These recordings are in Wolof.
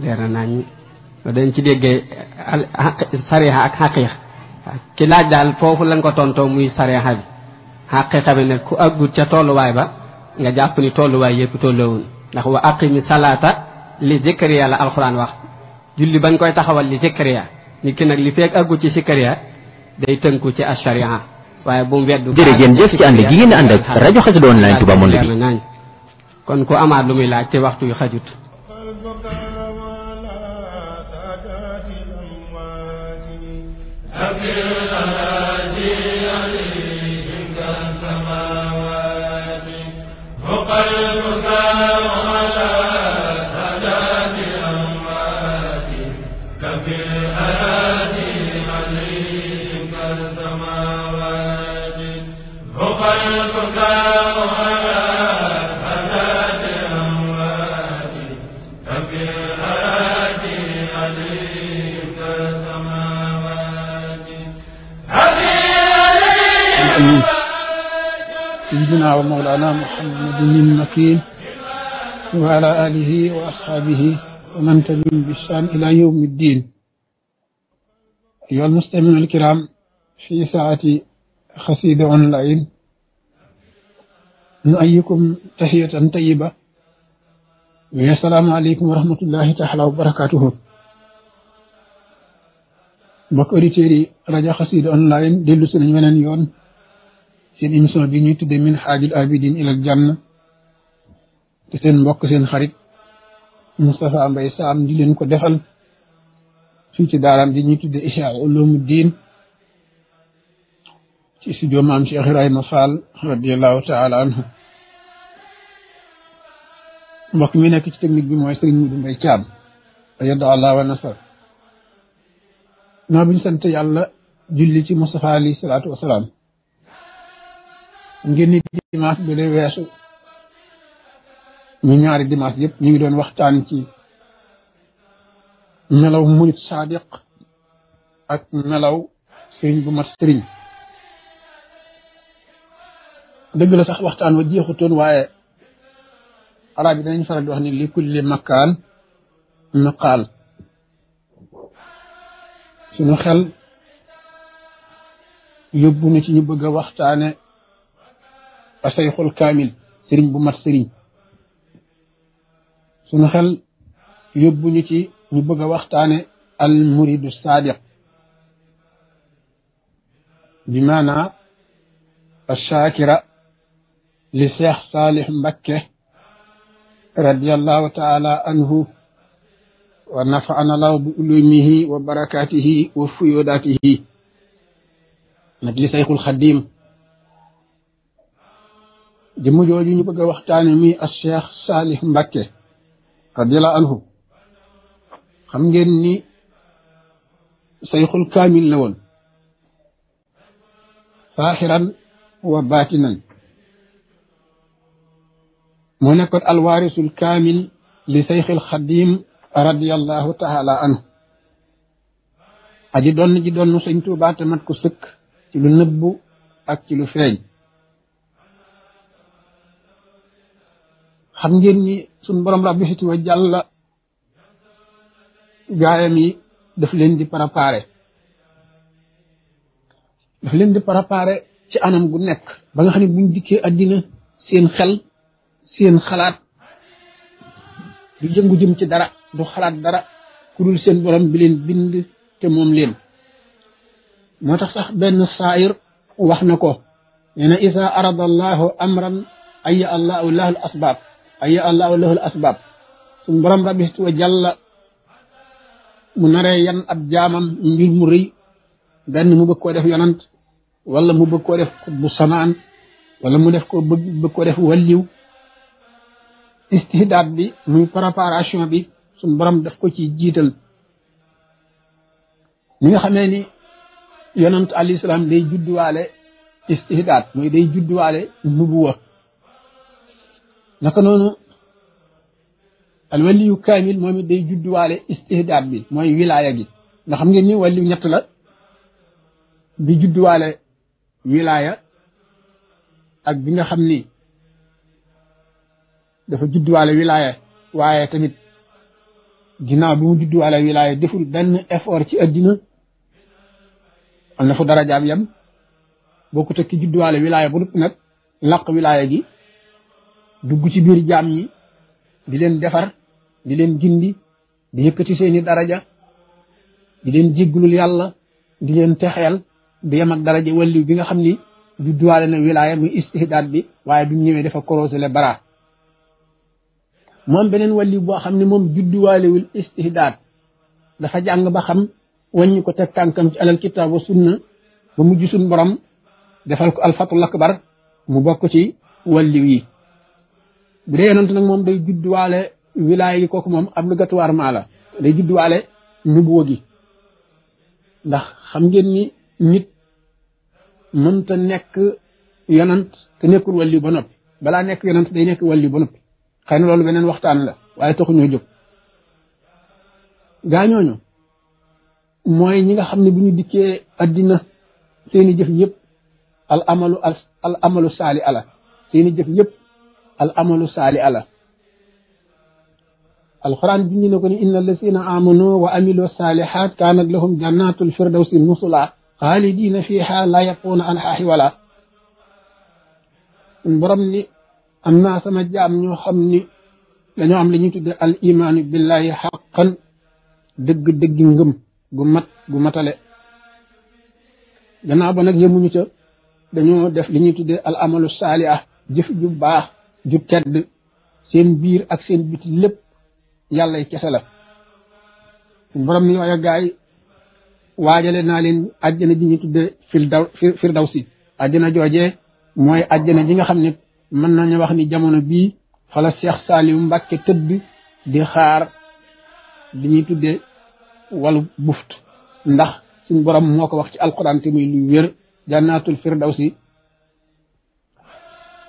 leer na nañ dañ ci déggee sariha ak xaqiiqa ki laaj daal foofu lañ ko tontoo muy sariha bi xaqiiqa bi nag ku àggut ca tolluwaay ba nga jàpp ni tolluwaay yëpp tolloowun ndax wa aqimi salaata li zikriya la alxuraan wax julli bañ koy taxawal li zikriya nit ki nag li feeg àggut ci zikriya day tënku ci ashariha waaye bu mu weddu jërëjëf jëf ci ànd gi ngeen ànd ak rajo Xassida Online Touba Monde bi kon ku amaat lu muy laaj te waxtu yu Have سيدنا ومولانا محمد المكين وعلى آله وأصحابه ومن تبعهم بإحسان إلى يوم الدين أيها المستمعون الكرام في ساعة خسيدة أونلاين نؤيكم تحية طيبة والسلام عليكم ورحمة الله تعالى وبركاته بكوري تيري رجا خصيدة أونلاين online dellu si nañ seen émission bi ñuy tuddee min xaajul abidin ila janna te seen mbokk seen xarit Moustapha mbay saam di leen ko defal fii ci daaraam di ñuy tuddee Ihya Ulumuddin ci studio maam Cheikh Ibrahima Fall radiallahu taala anhu mbokk mi nekk ci technique bi mooy Serigne Moudou Mbaye Thiam yadda allah wa nasar naa bu ñu sant yàlla julli ci Moustapha alayhi salaatu wasalaam ngeen dimanche bi lay wessu ñu ñaari dimanche yépp ñu ngi doon waxtaan ci melaw murit sadiq ak melaw sëriñ bu mat sëriñ dëgg la sax waxtaan wa jeexutoon waaye arab yi dañu faral di wax ni li kulli makan maqal suñu xel yóbbu na ci ñu bëgg a waxtaane الشيخ الكامل سرين بمر سرين سنخل يبنيتي نبغى وقتاني المريد الصادق بمعنى الشاكرة لشيخ صالح مكة رضي الله تعالى عنه ونفعنا الله بعلومه وبركاته وفيوداته نجلس شيخ الخديم jëmm jooju ñu bëgg a waxtaane mi as cheikh salih mbakke radiallahu anhu xam ngeen ni sayxul kaamil la woon saaxiran wa baatinan moo nekkoon alwaarisul kaamil li sayxil xadim radiallahu taala anhu aji donn ji donn sëñ tuubaa te ko sëkk ci lu nëbbu ak ci lu feeñ xam ngeen ni suñ borom rabbi xiti wa jàlla gaayam yi daf leen di parapare daf leen di préparé ci anam gu nekk ba nga xam ne buñ dikkee àddina seen xel seen xalaat du jëngu jëm ci dara du xalaat dara ku dul seen borom bi leen bind te moom leen moo tax sax benn saayir wax na ko nee na isa arada amran aya allahu lahal asbaab aya allahu lahul asbab suñ borom rabbi wa jàlla mu naree yan ab jaamam mbir mu rëy benn mu bëgg koo def yonant walla mu bëgg koo def bu samaan wala mu def ko bëgg bëgg koo def walliw istihdaad bi mu préparation bi suñ borom daf ko ci jiital ñi nga xamee ni yonant alayhi salaam day judduwaale istihdaad mooy day judduwaale nubuwa naka noonu alwaliyu kaamil moom it day judduwaale istihdaad bi mooy wilaaya gi nga xam ngeen ni waliyu ñett la bi judduwaale wilaaya ak bi nga xam ni dafa judduwaale wilaaya waaye tamit ginnaaw bi mu judduwaale wilaaya deful benn effort ci addina am na fu darajaam yam bokkut ak ki judduwaale wilaaya bu nag laq wilaaya gi dugg ci biir jaam yi di leen defar di leen gindi di yëkkati seeni daraja di leen jéggulul yàlla di leen texeel di yem ak daraja wàlliw bi nga xam ni du na wilaaya muy istihdaad bi waaye bi mu ñëwee dafa korosé le bara moom beneen wàlliw boo xam ne moom judduwaalewul istihdaad dafa jàng ba xam wàññi ko teg ci alal kitaab wa sunna ba mujj suñ borom defal ko alfatul akbar mu bokk ci wàlliw yi bu dee yonent nag moom day judduwaale wilaaya yi kooku moom obligatoirement la day judduwaale nubuwa gi ndax xam ngeen ni nit mënta nekk yonent te nekkul wàlli ba noppi balaa nekk yonent day nekk wàlli ba noppi xëy na loolu beneen waxtaan la waaye taxuñoo jóg gaa ñooñu mooy ñi nga xam ne bu ñu dikkee addina seeni jëf yëpp al amalu al amalu saali ala jëf yëpp al amalu saali ala alxuraan bi ñu ne ko ni inna allazina amanu wa amilu salihat kaanat lahum jannatul firdawsi nusula xaalidina fiha la yaquuna anha hiwala borom ni am naa sama jaam ñoo xam ni dañoo am li ñuy tudde al imaanu billahi xaqan dëgg-dëggi ngëm gu mat gu matale gannaaw ba nag yemuñu ca dañoo def li ñuy tudde al amalu saaliha jëf ju ju tedd seen biir ak seen biti lépp yàllay kese la suñ borom ni yooya gaay waajale naa leen àjjana ji ñu tudde firdaw firdawsi àjjana joojee mooy àjjana ji nga xam ne mën nañu wax ni jamono bii fala Cheikh Saliou Mbacke tëdd di xaar di ñuy tudde walu buft ndax suñ borom moo ko wax ci alquran te muy lu wér jannaatul firdawsi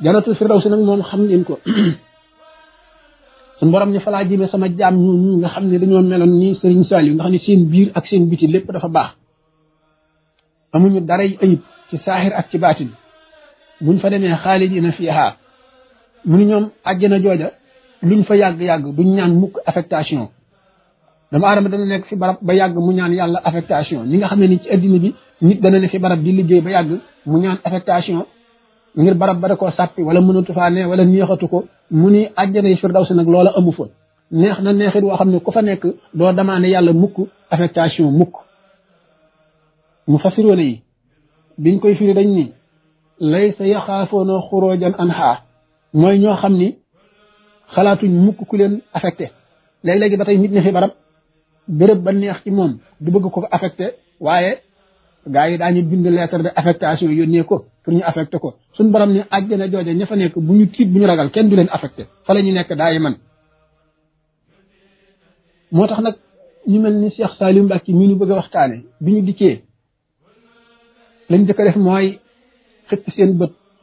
janatul firdaws nag moom xam ngeen ko suñu borom ne falaa sama jaam ñu ñi nga xam ne dañoo meloon ni Serigne Saliou nga xam ne seen biir ak seen biti lépp dafa baax amuñu daray ayib ci saaxir ak ci baatin buñ fa demee xaalidina fiihaa mu ni ñoom àjjana jooja luñ fa yàgg-yàgg duñ ñaan mukk affectation dama aadama dana nekk fi barab ba yàgg mu ñaan yàlla affectation ñi nga xam ne ni ci addina fi barab di liggéey ba yàgg affectation ngir barab ba ko sàppi wala mënatu fa ne wala neexatu ko mu ni àjjana yi firdawsi nag loola amu fa neex na neexit woo xam ne ku fa nekk doo demandé yàlla mukk affectation mukk mu fasiroone yi biñ koy firi dañ ni lay sa yaxaafoona xuroojan anha mooy ñoo xam ni xalaatuñ mukk ku leen affecté léeg-léegi ba tey nit ne fi barab béréb ba neex ci moom du bëgg ko affecté waaye gaa yi ñu bind lettre de affectation yónnee ko pour ñu affecté ko suñ borom ni àjjana jooja ña fa nekk bu ñu tiit bu ñu ragal kenn du leen affecté fa la ñu nekk daa yi man moo tax nag ñu mel ni Cheikh Salim Mbacke mii ñu bëgg a waxtaane bi ñu dikkee lañ jëkk a mooy xëpp seen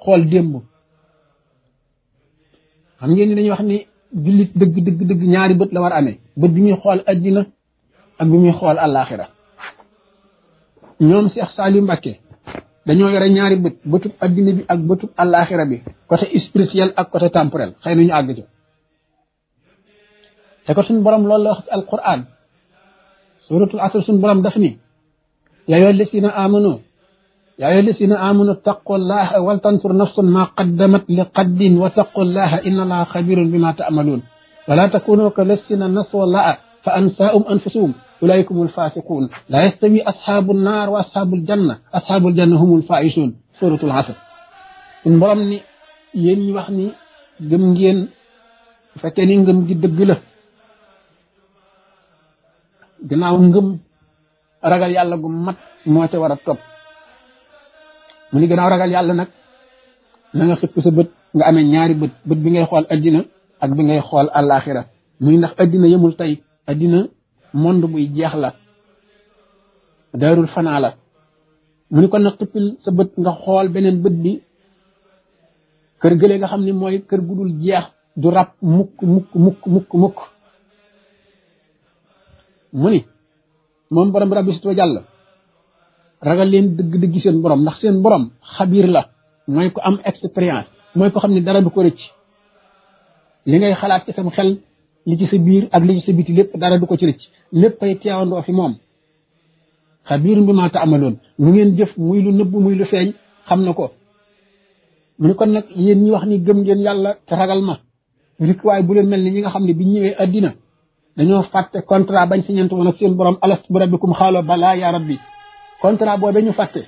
xool démb xam ngeen ni dañuy wax ni jullit dëgg dëgg ñaari bët la war a amee bët bi muy xool àddina ak bi muy xool àllaaxira ñoom Cheikh salim Mbacké dañoo yore ñaari bët bëtub addina bi ak bëtub àllaaxira bi côté spirituel ak côté temporel xëy na ñu àgg ci te ko suñ borom loolu la wax ci alquran suratul asr suñ borom daf ni ya yoo lesina amanu ya yoo lesina amanu taqullaha wal tansur nafsun ma qaddamat li qaddin wa taqullaha inna allaha khabirun bima ta'malun wala takunu ka lesina naswa laa fa ansa'um anfusuhum أولئك هم الفاسقون لا يستوي أصحاب النار وأصحاب الجنة أصحاب الجنة هم الفائزون سورة العصر إن برمني يني وحني جمجين فكني جم جد جلة جناو جم رجال يالله جم مات موتة ورطب من جناو رجال يالله نك نعم خب سبب نعم نياري بب بب خال أدينا أك بيجي خال الآخرة من نخ أدينا يوم التاي أدينا monde buy jeex la daarul fanaa la mu ni ko nag xippil sa bët nga xool beneen bët bi kër gële nga xam ni mooy kër gu dul jeex du rab mukk mukk mukk mukk mukk moom borom rab bi si jàll ragal leen dëgg-dëgg seen boroom ndax seen borom xabiir la mooy ko am expérience mooy ko xam ne dara du ko rëcc li ngay xalaat ci sam xel li ci sa biir ak li ci sa biti lépp dara du ko ci rëcc léppay teewandoo fi moom xabiirum bi maa taamaloon ngeen jëf muy lu nëbb muy lu feeñ xam na ko mu ne nag yéen ñi wax ni gëm ngeen yàlla te ragal ma mu ne waaye bu leen mel ni ñi nga xam ne bi ñëwee addina dañoo fàtte contrat bañ si ñent woon ak seen borom alastu bi rabbikum xaalo balaa yaa rabbi contrat boo dañu fàtte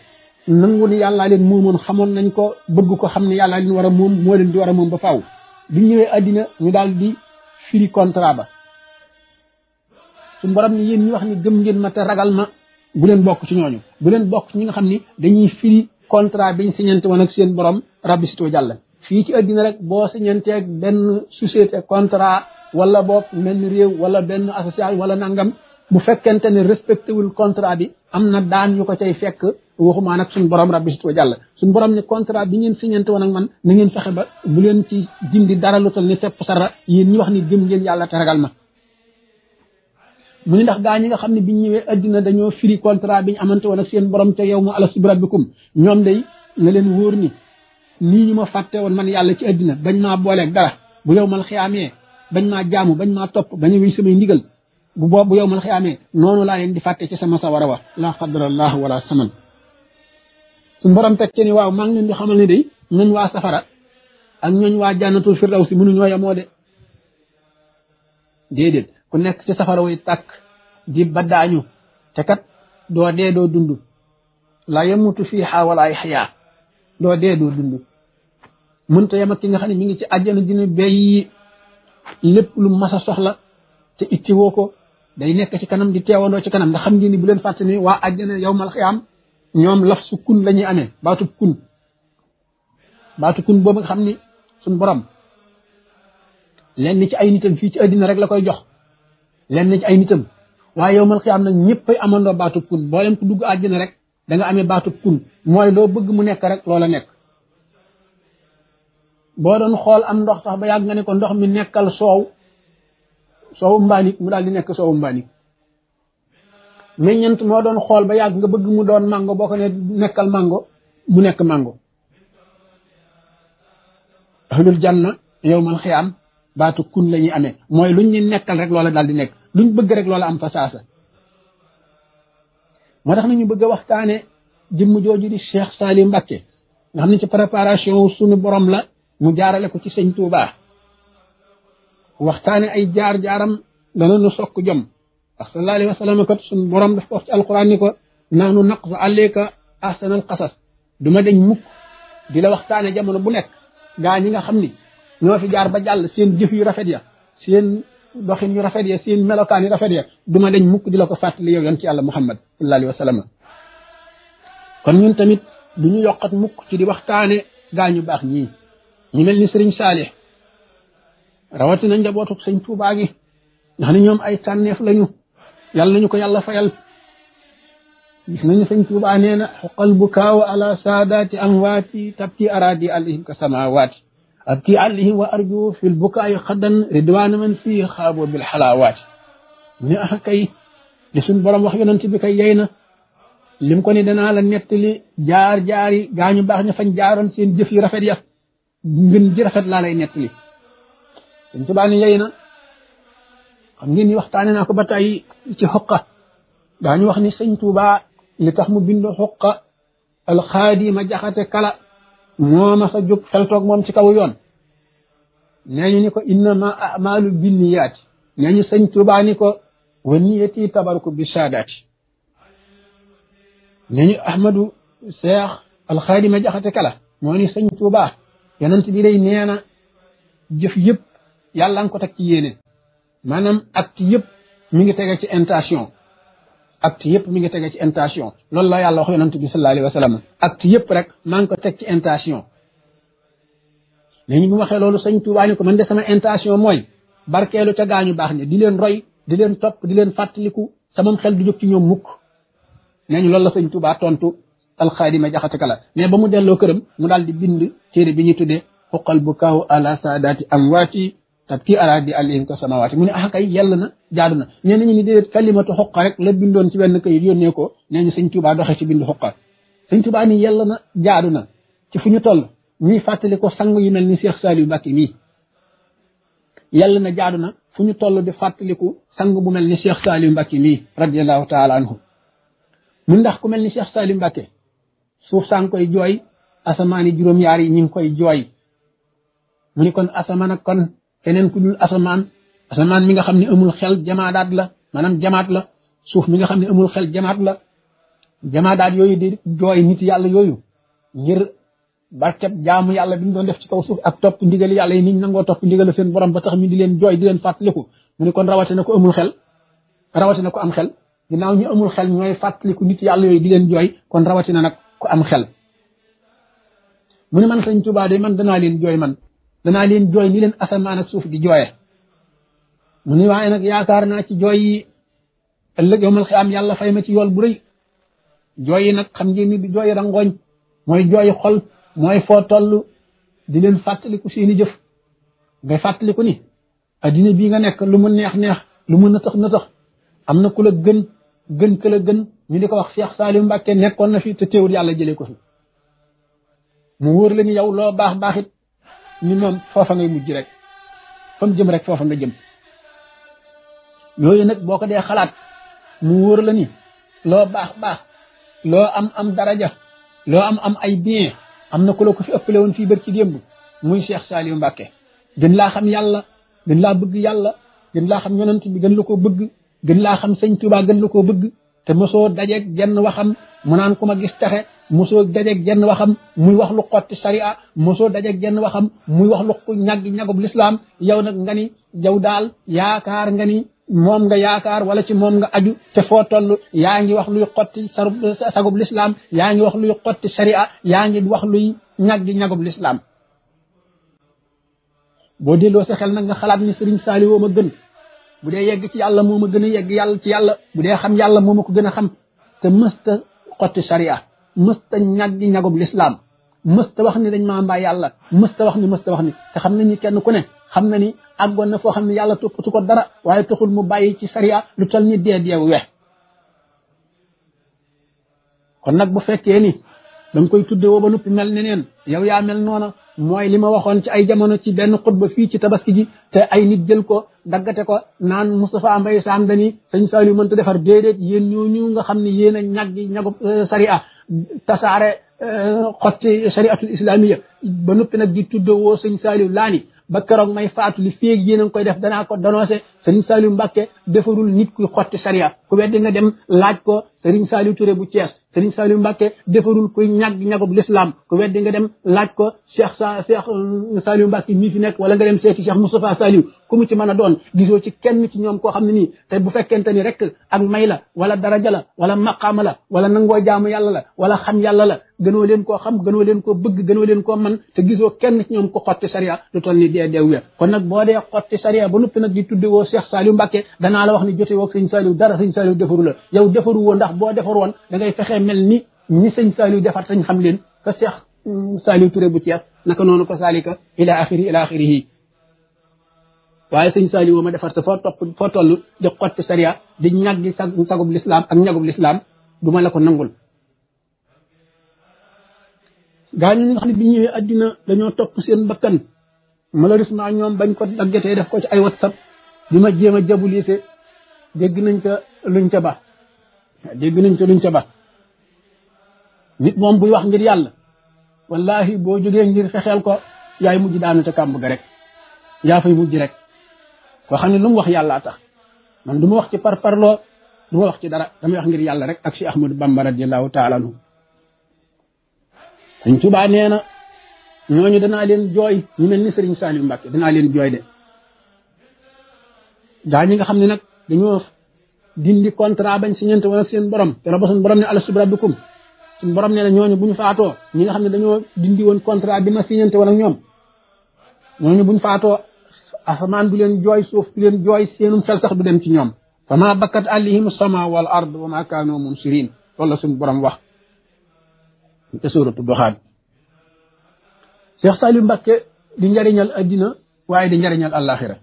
nangu ni yàllaa leen moomoon xamoon nañ ko bëgg ko xam ne yàllaa leen war a moom moo moom ba faaw firi contrat ba suñu borom ni ñu wax ni gëm ngeen ma te ragal ma bu leen bokk ci ñooñu bu leen bokk ci ñi nga xam ni dañuy firi contrat bi si woon ak seen borom rabistoo jàll fii ci àddina rek boo siñanteeg benn société contrat wala boog benn réew wala benn association wala nangam bu fekkente ne respecté contrat bi am na daan yu ko cay fekk waxuma nag suñ borom rabbi situ jàll suñ borom ni contrat bi ngeen signante woon ak man na ngeen fexe ba bu leen ci dindi dara lu toll ni fepp sara yéen ñi wax ni gëm ngeen yàlla te ragal ma mu ni ndax gaa ñi nga xam ne biñ ñëwee àddina dañoo firi contrat biñ amante woon ak seen borom ca yow mu ala sib rabbikum ñoom day na leen wóor ni nii ñu ma fàtte woon man yàlla ci àddina bañ maa booleeg dara bu yow mal xiyaamee bañ maa jaamu bañ maa topp bañ wéy samay ndigal bu boobu yow mal xiyaamee noonu laa leen di fàtte ci sama sawara wa la qadar allah wala saman su borom teg ci ni waaw maa ngi leen xamal ne day ñooñ waa safara ak ñooñ waa jànnatul firdaw si mënuñoo yemoo de déedéet ku nekk ci safara way tàkk di baddaañu te kat doo dee doo dund la yamutu fiiha wala yaxyaa doo dee doo dund mënta yem ak ki nga xam ne mi ngi ci àjjana dina béy lépp lu mas a soxla te itti woo ko day nekk ci kanam di teewandoo ci kanam ndax xam ngeen ni bu leen fàtte ni waa àjjana yowmal xiyaam ñoom laf su kun lañuy amé baatu kun baatu kun boobu nga xam ni borom lenn ci ay nitam fii ci adina rek la koy jox lenn ci ay nitam waaye yow mal xiyaam nag ñëppay amandoo baatu kun boo leen ko dugg àddina rek da nga amee baatu kun mooy loo bëgg mu nekk rek loola nekk boo doon xool am ndox sax ba yàgg nga ne ko ndox mi nekkal soow soowu mbaanik mu daal di nekk soowu mbaanik meññant moo doon xool ba yàgg nga bëgg mu doon mango boo ko ne nekkal mango mu nekk mango ahlul janna yow mal batu baatu kun la ñuy amee mooy luñ ñu nekkal rek loola daal di nekk luñ bëgg rek loola am fa saasa moo tax nañu bëgg waxtaane jëmm jooju di cheikh salim mbacke nga xam ci préparation suñu borom la mu jaarale ko ci sëñ tuubaa waxtaane ay jaar jaaram dana nu sokk jom ndax sallallahu alayhi wa sallam kat suñu borom daf ko wax ci alquran ni ko naanu naqsu alayka ahsanal qasas du ma deñ mukk di la waxtaane jamono bu nekk gaa ñi nga xam ni ñoo fi jaar ba jàll seen jëf yu rafet ya seen doxin yu rafet ya seen melokaan yu rafet ya du ma deñ mukk di la ko fàttali yow yoon ci yàlla muhammad sallallahu alayhi wa sallam kon ñun tamit du ñu yokkat mukk ci di waxtaane gaa ñu baax ñii ñu mel ni sëriñ saalih rawatina njabootu sëñ tuubaa gi ndax ni ñoom ay tànneef lañu yàlla nañu ko yàlla fayal gis nañu sëñ Tuubaa nee na xoqal bu kaaw ala saadaati amwaati tabki araadi alihim ka samawaati abki alihim wa arju fi lbukaayi xaddan ridwaana man fii xaabo bil xalaawaati mu ne ah kay li suñ borom wax yonent bi kay yey na lim ko ni danaa la nettali jaar jaar yi gaañu baax ña fañ jaaroon seen jëf yu rafet ya ngën ji rafet laa lay nettali sëñ Tuubaa ni yey na xam ngeen ni waxtaane naa ko ba tey ci xoqa daañu wax ni sëñ Tuuba li tax mu bind xoqa alxaadima jaxate kala moo ma sa jóg feltoog moom ci kaw yoon nee ñu ni ko innama amalu binniyaati nee ñu sëñ Tuuba ni ko wa niyati tabarku bi saadaati nee ñu Ahmadu Seex alxaadima jaxate kala moo ni sëñ Tuuba yonent bi day nee na jëf yëpp yàlla nga ko teg ci yéene maanaam acte yëpp mu ngi tegee ci intention acte yëpp mu ngi tege ci intention loolu la yàlla wax yonent bi sallallahu alayhi wa sallam acte yëpp rek maa ngi ko teg ci intention léegi mu waxee loolu sëñ Tuubaa ni ko man de sama intention mooy barkeelu ca gaañu baax ni di leen roy di leen topp di leen fàttaliku sama xel du jóg ci ñoom mukk nee ñu loolu la sëñ Tuubaa tontu alxaadima jaxate kala mais ba mu delloo këram mu daal di bind téere bi ñu tuddee xuqal bu kaaw ala saadaati amwaati tatkiiraat bi àllihim ko samawaati mu ne ah kay yàlla na jaadu na ñenn ñi ni déedéet kalimatu xoqa rek la bindoon ci benn kayit yónnee ko nee ñu sëñ Tuubaa doxee ci bindu xoqa sëñ Tuubaa ni yàlla na jaadu na ci fu ñu toll ñuy fàttali ko sang yu mel ni Cheikh Saliou Mbacké mii yàlla na jaadu na fu ñu toll di fàttaliku sang bu mel ni Cheikh Saliou Mbacké mii radiallahu taala anhu mu ndax ku mel ni Cheikh Saliou Mbacké suuf saa koy jooy asamaan juróom-yaar yi ñu ngi koy jooy mu ni kon asamaan kon keneen ku dul asamaan asamaan mi nga xam ne amul xel jamaadaat la maanaam jamaat la suuf mi nga xam ne amul xel jamaat la jamaadaat yooyu di jooy nit yàlla yooyu ngir barkeb jaamu yàlla bi ñu doon def ci kaw suuf ak topp ndigali yàlla yi ni ñu nangoo topp ndigal seen borom ba tax ñu di leen jooy di leen fàttaliku mu ne kon rawatina ko amul xel rawatina ko am xel ginnaaw ñu amul xel ñooy fàttaliku nit yàlla yooyu di jooy kon rawatina nag ko am xel mu ne man Sëñ Tuubaa de man danaa leen jooy man danaa leen jooy ni leen asamaan ak suuf di jooye mu ne waaye nag yaakaar naa ci jooy yi ëllëg yomal xiyaam yàlla fay ma ci yool bu rëy jooy yi nag xam ngeen ni du jooy rangooñ mooy jooy xol mooy foo toll di leen fàttaliku seeni jëf ngay fàttaliku ni addina bii nga nekk lu mu neex neex lu mu nëtëx nëtëx am na ku la gën gën ka la gën ñu di ko wax Cheikh Salim Mbacke nekkoon na fi te teewul yàlla jëlee ko fi mu wóor la ni yow loo baax baaxit ñu moom foofa ngay mujj rek fa jëm rek foofa nga jëm yooyu nag boo ko dee xalaat mu wóor la ni loo baax baax loo am am daraja loo am am ay bien am na ku la ko fi ëppale woon fii bër ci démb muy Cheikh Saliou Mbacke gën laa xam yàlla gën laa bëgg yàlla gën laa xam yonent bi gën la koo bëgg gën laa xam sëñ Tuubaa gën la koo bëgg te mosoo dajeeg jenn waxam mu naan ku ma gis texe mosoo dajeeg jenn waxam muy wax lu xotti sariya mosoo dajeeg jenn waxam muy wax lu ñagg ñagub lislaam yow nag nga ni yow daal yaakaar nga ni moom nga yaakaar wala ci moom nga aju te foo yaa ngi wax luy xotti sarub sagub lislaam yaa ngi wax luy xotti sariya yaa ngi wax luy ñaggi ñagub lislaam boo delloo sa xel nag nga xalaat ni Sëriñ Saaliw gën bu dee yegg ci yàlla moo ma gën a yegg yàlla ci yàlla bu dee xam yàlla moo ma ko gën a xam te mësta xotti sharia mësta ñaggi ñagub lislaam mësta wax ni dañ maa mbaa yàlla mësta wax ni mësta wax ni te xam nañu kenn ku ne xam na ni àggoon na foo xam ne yàlla toppatu ko dara waaye taxul mu bàyyi ci sharia lu tal ni dee deewu we kon nag bu fekkee ni da nga koy tudde woo ba noppi mel ne neen yow yaa mel noona mooy li ma waxoon ci ay jamono ci benn xutba fii ci tabaski ji te ay nit jël ko daggate ko naan Moustapha Mbaye Sam dani sëñ Saliou mënta defar déedéet yéen ñooñu nga xam ni yéen a ñag gi ñagub euh, sariya tasaare euh, xotti sariatul islamiya ba noppi nag di tuddoo woo sëñ Saliou laani ba keroog may faatu li féeg a koy def danaa ko Serigne Saliou Mbacke defarul nit ku xotti sariya ku weddi nga dem laaj ko Serigne Saliou Touré bu Thiès Serigne Saliou Mbacke defarul kuy ñag ñagub l'islam ku weddi nga dem laaj ko Cheikh sa Cheikh euh, Saliou Mbacke mii fi nekk wala nga dem seeti Cheikh Moustapha Saliou ku mu ci mën a doon gisoo ci kenn ci ñoom koo xam ne nii te bu fekkente ni rek ak may la wala daraja la wala maqaama la wala nangoo jaamu yàlla la wala xam yàlla la gënoo leen koo xam gënoo leen koo bëgg gënoo leen koo man te gisoo kenn ñoom ko xotti sariya lu toll ni dee deew kon nag boo Cheikh Saliou Mbacke danaa la wax ni jote woog sëñ Saliou dara sëñ Saliou defaru la yow defaru woo ndax boo defar woon da ngay fexee mel ni ñi sëñ Saliou defar sañ xam leen ka Cheikh mm, Saliou Touré bu Thiès naka noonu ko salika ila axiri ila axirihi waaye sëñ Saliou woo ma defar te foo topp foo toll di xotti sariya di ñaggi sa sagub lislaam ak ñagub lislaam du ma la ko nangul gaa ñi nga xam ne bi ñëwee addina dañoo topp seen bakkan malheureusement ñoom bañ ko daggatee def ko ci ay whatsapp di ma jéem a jabuliise dégg nañ ca luñ ca ba dégg nañ ca luñ ba nit moom buy wax ngir yàlla wallahi boo jógee ngir fexeel ko yaay mujj daanu ca kàmb ga rek yaa fay mujj rek koo xam ne lu wax yàllaa tax man du wax ci par parloo du ma wax ci dara damay wax ngir yàlla rek ak si Ahmadu Bamba radiyallahu taala anhu Sëñ Tuubaa nee ñooñu danaa leen jooy ñu mel ni Sëriñ Saliou Mbàkke danaa leen jooy de gaa ñi nga xam ne nag dañoo dindi contrat bañ si ñent wala seen borom te rabba sun borom ne ala subra dukum sun borom ne la ñooñu buñu ñu faatoo ñi nga xam ne dañoo dindi woon contrat bi ma si ñent wala ñoom ñooñu buñu faatoo asamaan du leen suuf du leen jooy seenum sax du dem ci ñoom ma bakkat alihim sama wal ard wa ma kanu munsirin loolu la sun borom wax te suratu duxaan cheikh salim di njariñal adina waaye di njariñal alaxira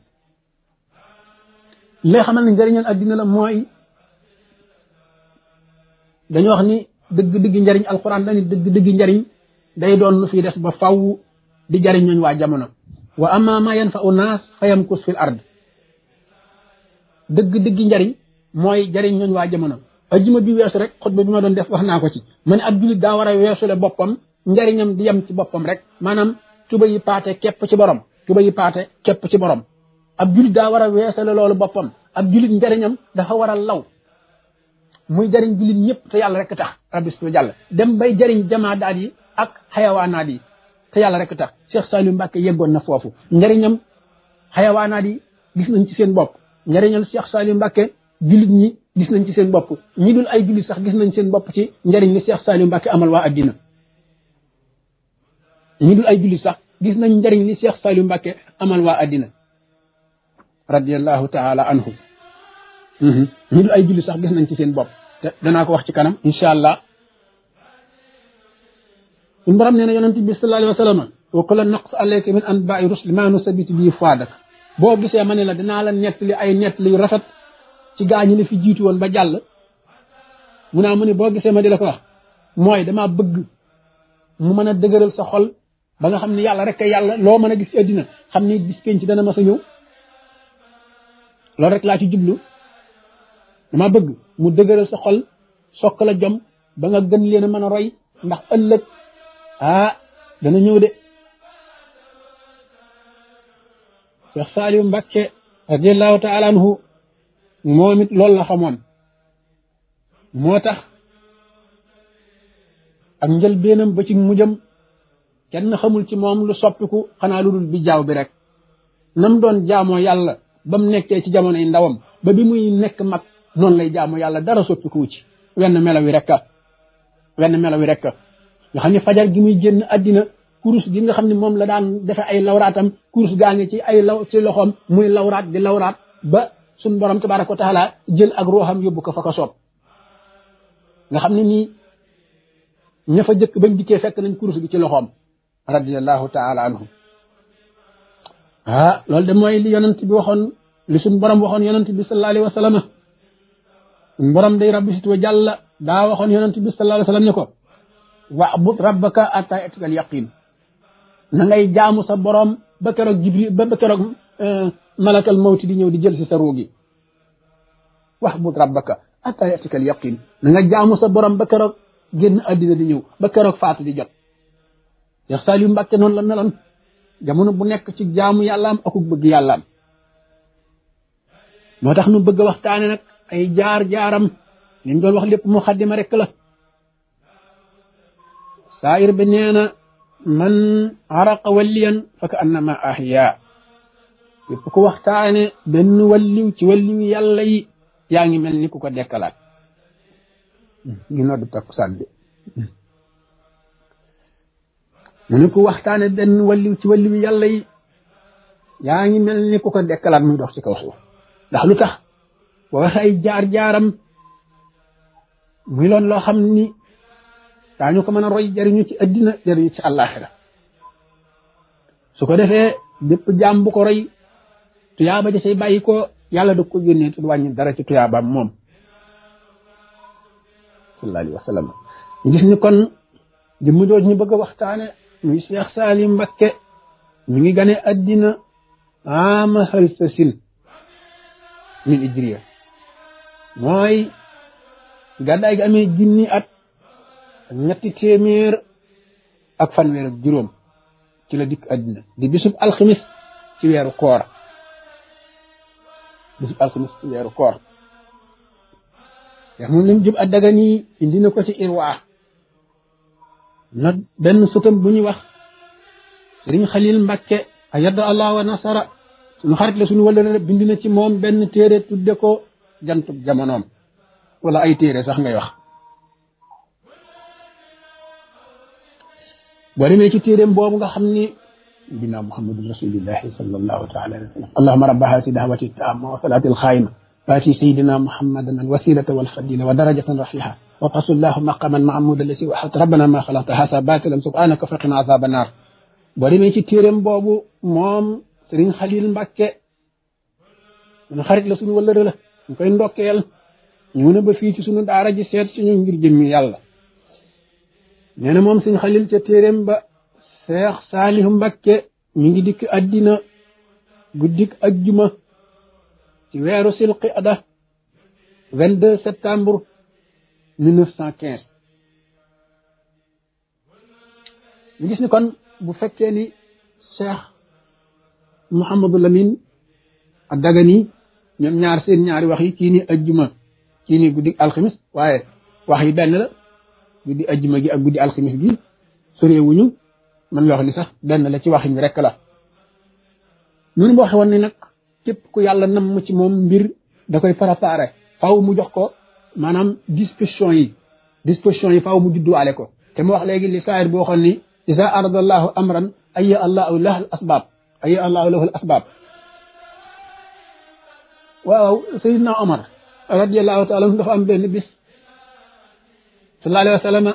li nga xamal ni njëriñal addina la mooy dañu wax ni dëgg-dëgg njariñ alxuraan dëgg-dëgg njariñ day doon lu fi des ba faw di jariñ ñooñ waa jamono wa amma ma yanfa'u naas fa yamkus fil ard dëgg-dëgg njariñ mooy jariñ ñooñ waa jamono ajjuma bi weesu rek xutba bi ma doon def wax naa ko ci ma ne ab jullit daa war weesule boppam njariñam di yem ci boppam rek maanaam tuba yi paate képp ci borom tuba yi paate képp ci borom ab julit daa war a weesale loolu boppam ab julit njariñam dafa war a law muy jariñ julit ñëpp te yàlla rekk tax rabistu jàll dem bay jariñ jamaadaat yi ak xayawaanaat yi te yàlla rek tax Cheikh Saliou Mbacke yeggoon na foofu njariñam xayawaanaat yi gis nañ ci seen bopp njariñal Cheikh Saliou Mbacke julit ñi gis nañ ci seen bopp ñi dul ay julit sax gis nañ seen bopp ci njariñ li Cheikh Saliou Mbacke amal waa addina ñi dul gis nañ njariñ li Cheikh Saliou amal waa addina radiallahu taala anhu mhm. ñu dul ay julli sax gis nañ ci seen bopp te danaa ko wax ci kanam incha allah suñu borom nee na yonent bi sallallahu alayhi wa sallam wa kullu naqs alayka min anba'i rusul ma nusabbitu bi fuadak boo gisee ma ni la danaa la nettali ay nettali yu rafet ci gaa ñi ne fi jiitu woon ba jàll mu a ah, mu ne boo gisee ma di la ko wax mooy damaa bëgg mu mën a dëgëral sa xol ba nga xam ni yàlla rek a yàlla loo mën a gis àddina xam ni bis penc dana a ñëw loolu rek laa ci jublu ma bëgg mu dëgëral sa xol sokk la jom ba nga gën leen a mën a roy ndax ëllëg ah dana ñëw de Cheikh Saliou Mbacke radiallahu taala anhu moom it loolu la xamoon moo tax ak njëlbeenam ba ci mujjam kenn xamul ci moom lu soppiku xanaa lu dul bi jaaw bi rek nam doon jaamoo yàlla ba mu nekkee ci jamonoy ndawam ba bi muy nekk mag noonu lay jaamu yàlla dara soppikuwu ci wenn melo wi rek wenn melo wi rek nga xam ne fajar gi muy génn àddina kurus gi nga xam ne moom la daan defe ay lawraatam kurus gaa ngi ci ay law loxoom muy lawraat di lawraat ba suñ borom tabaaraka wa taala jël ak ruuxam yóbbu ko fa ko nga xam ni nii ña jëkk ba dikkee fekk nañ kurus gi ci loxoom radiyallahu taala anhu ah, loolu de mooy li yonent waxoon li suñ borom waxoon yonent bi sallallahu alayhi wa sallam suñ day rabbi sit wa jàlla daa ne ko wa'bud rabbaka hatta yatikal yaqin na ngay jaamu sa borom ba keroog jibril ba eh, di ñëw di jël si sa ruugi wa'bud rabbaka hatta yatikal yaqin na nga jaamu sa borom ba keroog génn àddina di ñëw ba keroog faatu di jot yax saal yu mbàkke la meloon jamono bu nekk ci jaamu yàllaam akuk bëgg yàllaam moo tax nu bëgg a waxtaane nag ay jaar-jaaram li ñu doon wax lépp muxaddima rek la saayir bi nee na man araqa walliyan fa ka annama ahya yëpp ku waxtaane benn walliw ci walliw yàlla yaa ngi mel ni ku ko dekkalaat ñu nodd takku sànni mu ne yàlla yi ngi mel ni ku ko dekkalaat dox ci kaw suuf ndax lu tax waxa ay jaar-jaaram mu loon loo xam ni daañu ko mën a roy jëriñu ci addina jëriñu ci àllaaxira su ko defee bépp jaam ko roy tuyaaba ja say bàyyi ko yàlla du ko yónnee tu wàññi dara ci tuyaabaam moom sallallahu gis ni kon di mujjooj ñu bëgg a waxtaane muy Cheikh Salim Mbacké mu ngi gane addina ama xalsa sin min hijriya mooy gàddaay gi amee junni at ak ñetti téeméer ak fanweer ak juróom ci dikk àddina di bisub alxamis ci weeru koor bisub alxamis ci weeru koor yax moom lim jub addagani indi na ko ci irwa na benn sutam bu ñuy wax sëriñ xalil mbàkke ayada allah wa nasara suñu xarit la suñu wala la bindina ci moom benn téere tudde ko jantub jamonoom wala ay téere sax ngay wax boo demee ci téeréem boobu nga xam ni binaa muhammadun rasulillahi sallallahu taala alayhi wa sallam allahuma rabba hati dawati taama wa salati alqaima آتي سيدنا محمدا الوسيلة والفضيلة ودرجة رفيعة وقص الله مقاما معمودا التي وحت ربنا ما خلقت هذا باطلا سبحانك فقنا عذاب النار بريمي تيرم بابو موم sëriñ Xalil Mbàkke suñu xarit la suñu walla la ñu koy ndokkeel ñëw na ba fii ci suñu daara ji seet suñu ngir jëmmi yàlla nee na moom sëriñ Xalil ca téeréem ba Seex Saalihu Mbàkke mi ngi dikk addina gu dikk ajjuma ci weeru silqi ada 22 septembre 1915 gis ni kon bu fekkee ni Cheikh محمد Lamine ak Dagani ñoom ñaar seen ñaari wax yi kii ni ajjuma kii ni guddi alxamis waaye wax yi benn la guddi ajjuma gi ak guddi alxamis gi soreewuñu man loo xam ni sax benn la ci waxin bi rek la noonu boo xewoon ni nag képp ku yàlla namm ci moom mbir da koy préparé faaw mu jox ko maanaam disposition yi disposition yi faaw mu judduwaale ko te mu wax léegi li saayir boo xam ni isa arada allahu amran ayya allahu lahal asbaab أي الله له الأسباب وسيدنا عمر رضي الله تعالى عنه دفع بين بس صلى الله عليه وسلم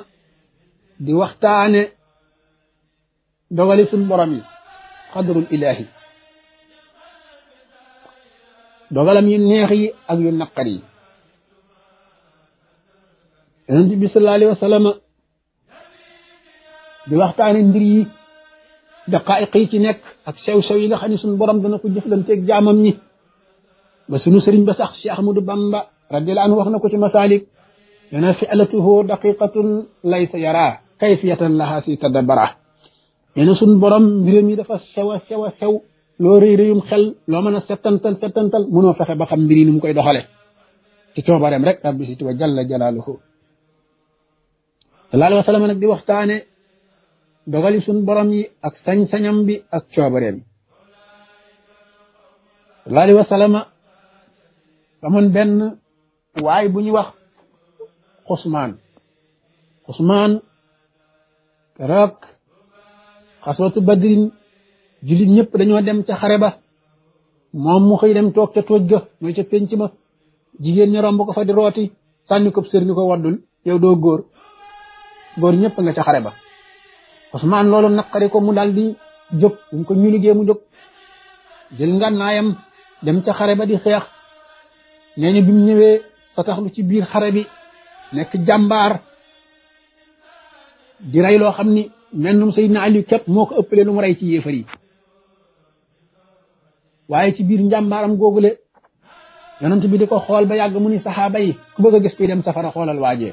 دي وقتان دوالي سنبرمي قدر الإلهي دوالم ينيخي أو ينقري النبي صلى الله عليه وسلم di waxtane ndir دقائق يتي نيك اك سيو سيو لا خاني سن بروم دا نكو جيفلانتي اك جامام ني ما سونو سيرن با صاح شيخ احمد بامبا رضي الله عنه واخنا كو سي مسالك انا سالته دقيقه ليس يرى كيفيه لها في تدبره انا سن بروم ميرم دا فا سيو سيو سيو لو ري ريوم خل لو مانا ستنتل ستنتل منو فخه با خام ميري نم كاي دوخالي تي تيو بارام رك ربي سي تو جل جلاله صلى الله عليه وسلم نك دي واخ dogali sun borom yi ak sañ-sañam bi ak coobareem lali wa salama amon benn waay bu wax xusmaan xusmaan badrin julit ñëpp dañoo dem ca xare ba moom mu xëy dem toog ca tooj ga mooy ca penc ma jigéen ñi romb ko fa di rooti sànni ko sër ko waddul yow doo góor góor ñëpp nga ca xare Ousmane loolu naqari ko mu daal di jóg ko ñu liggéey mu jóg jël ngànnaayam dem ca xare ba di xeex nee ñu bi mu ñëwee fataxlu ci biir xare bi nekk jàmbaar di rey loo xam ni mennum Seydina Aliou képp moo ko ëppale lu rey ci yéefar yi waaye ci biir njàmbaaram googule yonent bi di ko xool ba yàgg mu ni saxaaba yi ku bëgg a gis kuy dem safara xoolal waajee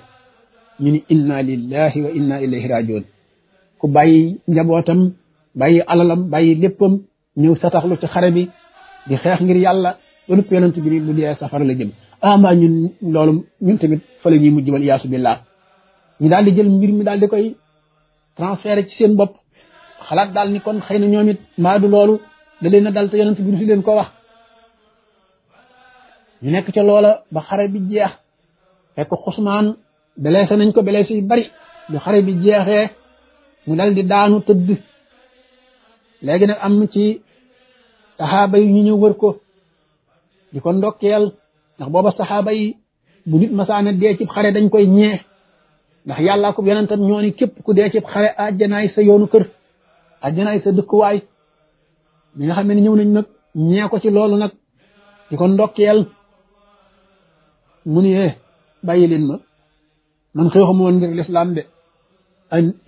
ñu ni inna lillahi wa inna ilayhi rajiun ku bàyyi njabootam bàyyi alalam bàyyi léppam ñëw sataxlu ci xare bi di xeex ngir yàlla ba noppi yonent bi ni bu dee safara la jëm ama ñun loolu ñun tamit fa la ñuy mujj wal iyaasu ñu daal di jël mbir mi daal di koy transféré ci seen bopp xalaat dal ni kon xëy na ñoom it maa du loolu da leen a dal te yonent bi du si leen ko wax ñu nekk ca loola ba xare bi jeex fekk xusmaan beleese nañ ko beleese yu bari bu xare bi jeexee mu dal di daanu tëdd léegi nag am ci saxaaba yi ñu ñëw wër ko di ko ndokkeel ndax booba saxaaba yi bu nit masaana dee cib xare dañ koy ñee ndax yàllaa ko yonentam ñoo ni képp ku dee cib xare àjjanaay sa yoonu kër àjjanaay sa dëkkuwaay bi nga xam ne ñëw nañ nag ñee ko ci loolu nag di ko ndokkeel mu ni eh, bàyyi leen ma man xeexuma woon ngir lislaam de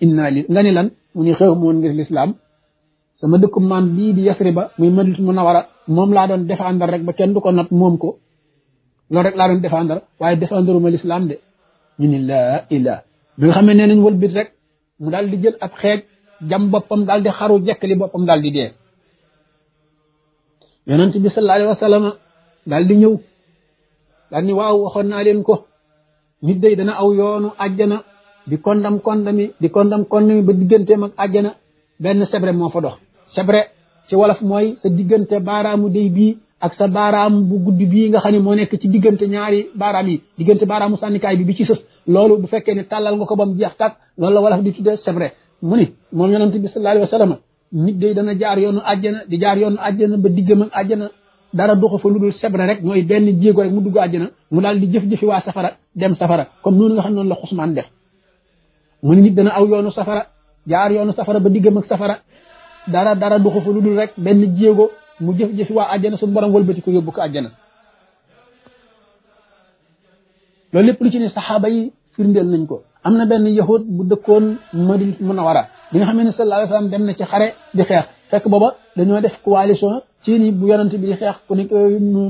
inna li nga ni lan mu ni xew moon ngir lislaam sama dëkku maam bii di Yasriba muy a Munawwara moom laa doon défendre rek ba kenn du ko nat moom ko loolu rek laa doon défendre waaye défendre ma lislaam de ñu ni laa ilaa bi nga xam ne nee nañ rek mu daal di jël ab xeej jam boppam daal di xaru jekkali boppam daal di dee yonent bi sallallahu alayhi wa di ñëw daal ni waaw waxoon naa ko nit day dana aw yoonu àjjana di kondam kondami di kondam kondami ba digganteem ak àjjana benn sebre moo fa dox sebre ci wolof mooy sa diggante baaraamu day bii ak sa baaraam bu guddi bii nga xam ne moo nekk ci diggante ñaari baaraam yi diggante baaraamu sànnikaay bi bi ci sës loolu bu fekkee ne tàllal nga ko bam jeex tàkk loolu la wolof di tuddee sebre mu ni moom yonent bi sallallahu alayhi wa sallam nit day dana jaar yoonu àjjana di jaar yoonu àjjana ba diggam ak àjjana dara doxu fa lu dul sebre rek mooy benn jéego rek mu dugg àjjana mu daal di jëf waa safara dem safara comme noonu nga xam noonu la Xusmaan def mu ne nit dana aw yoonu safara jaar yoonu safara ba diggam ak safara dara dara du xufu lu dul rek benn jéego mu jëf-jëf waa àjjana suñu borom wëlbati ko yóbbu ko àjjana loolu lépp lu ci ne saxaaba yi firndeel nañ ko am na benn yahud bu dëkkoon Madina Munawara bi nga xamee na sallallahu alayhi wasallam dem na ci xare di xeex fekk booba dañoo def ku coalition ci ni bu yonante bi di xeex ku nekk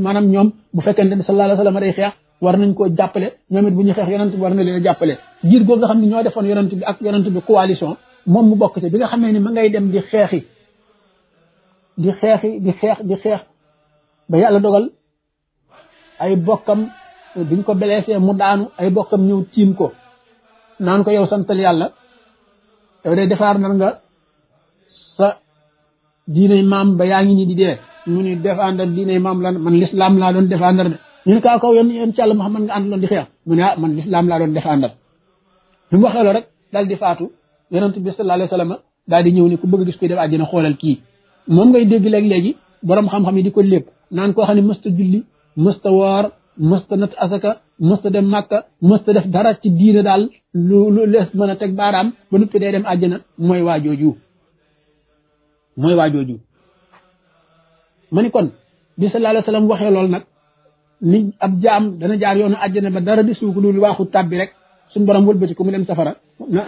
maanaam ñoom bu fekkente ne sallallahu alayhi wasallam day xeex war nañ koo jàppale ñoom it bu ñu xeex yonent bi war na leen jàppale jiir googu nga xam ne ñoo defoon yonent bi ak yonent bi coalition moom mu bokk ci bi nga xamee ni ma ngay dem di xeexi di xeexi xeex di xeex ba yàlla dogal ay bokkam biñ ko blessé mu daanu ay bokkam ñëw tiim ko naan ko yow santal yàlla yow day defaar nan nga sa diinay maam ba yaa ngi nii di dee mu ni défendre diinay maam lan man l'islam laa doon défendre de ñu ka ko yoon yoon ci yàlla Muhammad nga àndaloon di xeex mu ne ah man lislaam laa doon def défendre bi mu waxee loolu rek daal di faatu yonent bi sallallahu alayhi wa sallam daal di ñëw ni ku bëgg gis kuy def àjjana xoolal kii moom ngay dégg léegi-léegi borom xam-xam yi di ko lépp naan koo xam ne mësta julli mësta woor mësta nat asaka mësta dem màkka mësta def dara ci diina daal lu lu les mën a teg baaraam ba nuppi day dem àjjana mooy waa jooju mooy waa jooju ma ni kon bi sallallahu alayhi wa sallam waxee loolu nag ni ab jaam dana jaar yoonu àjjana ba dara di suuk lu waaxu tàbbi rek suñu borom wëlbati ko mu dem safara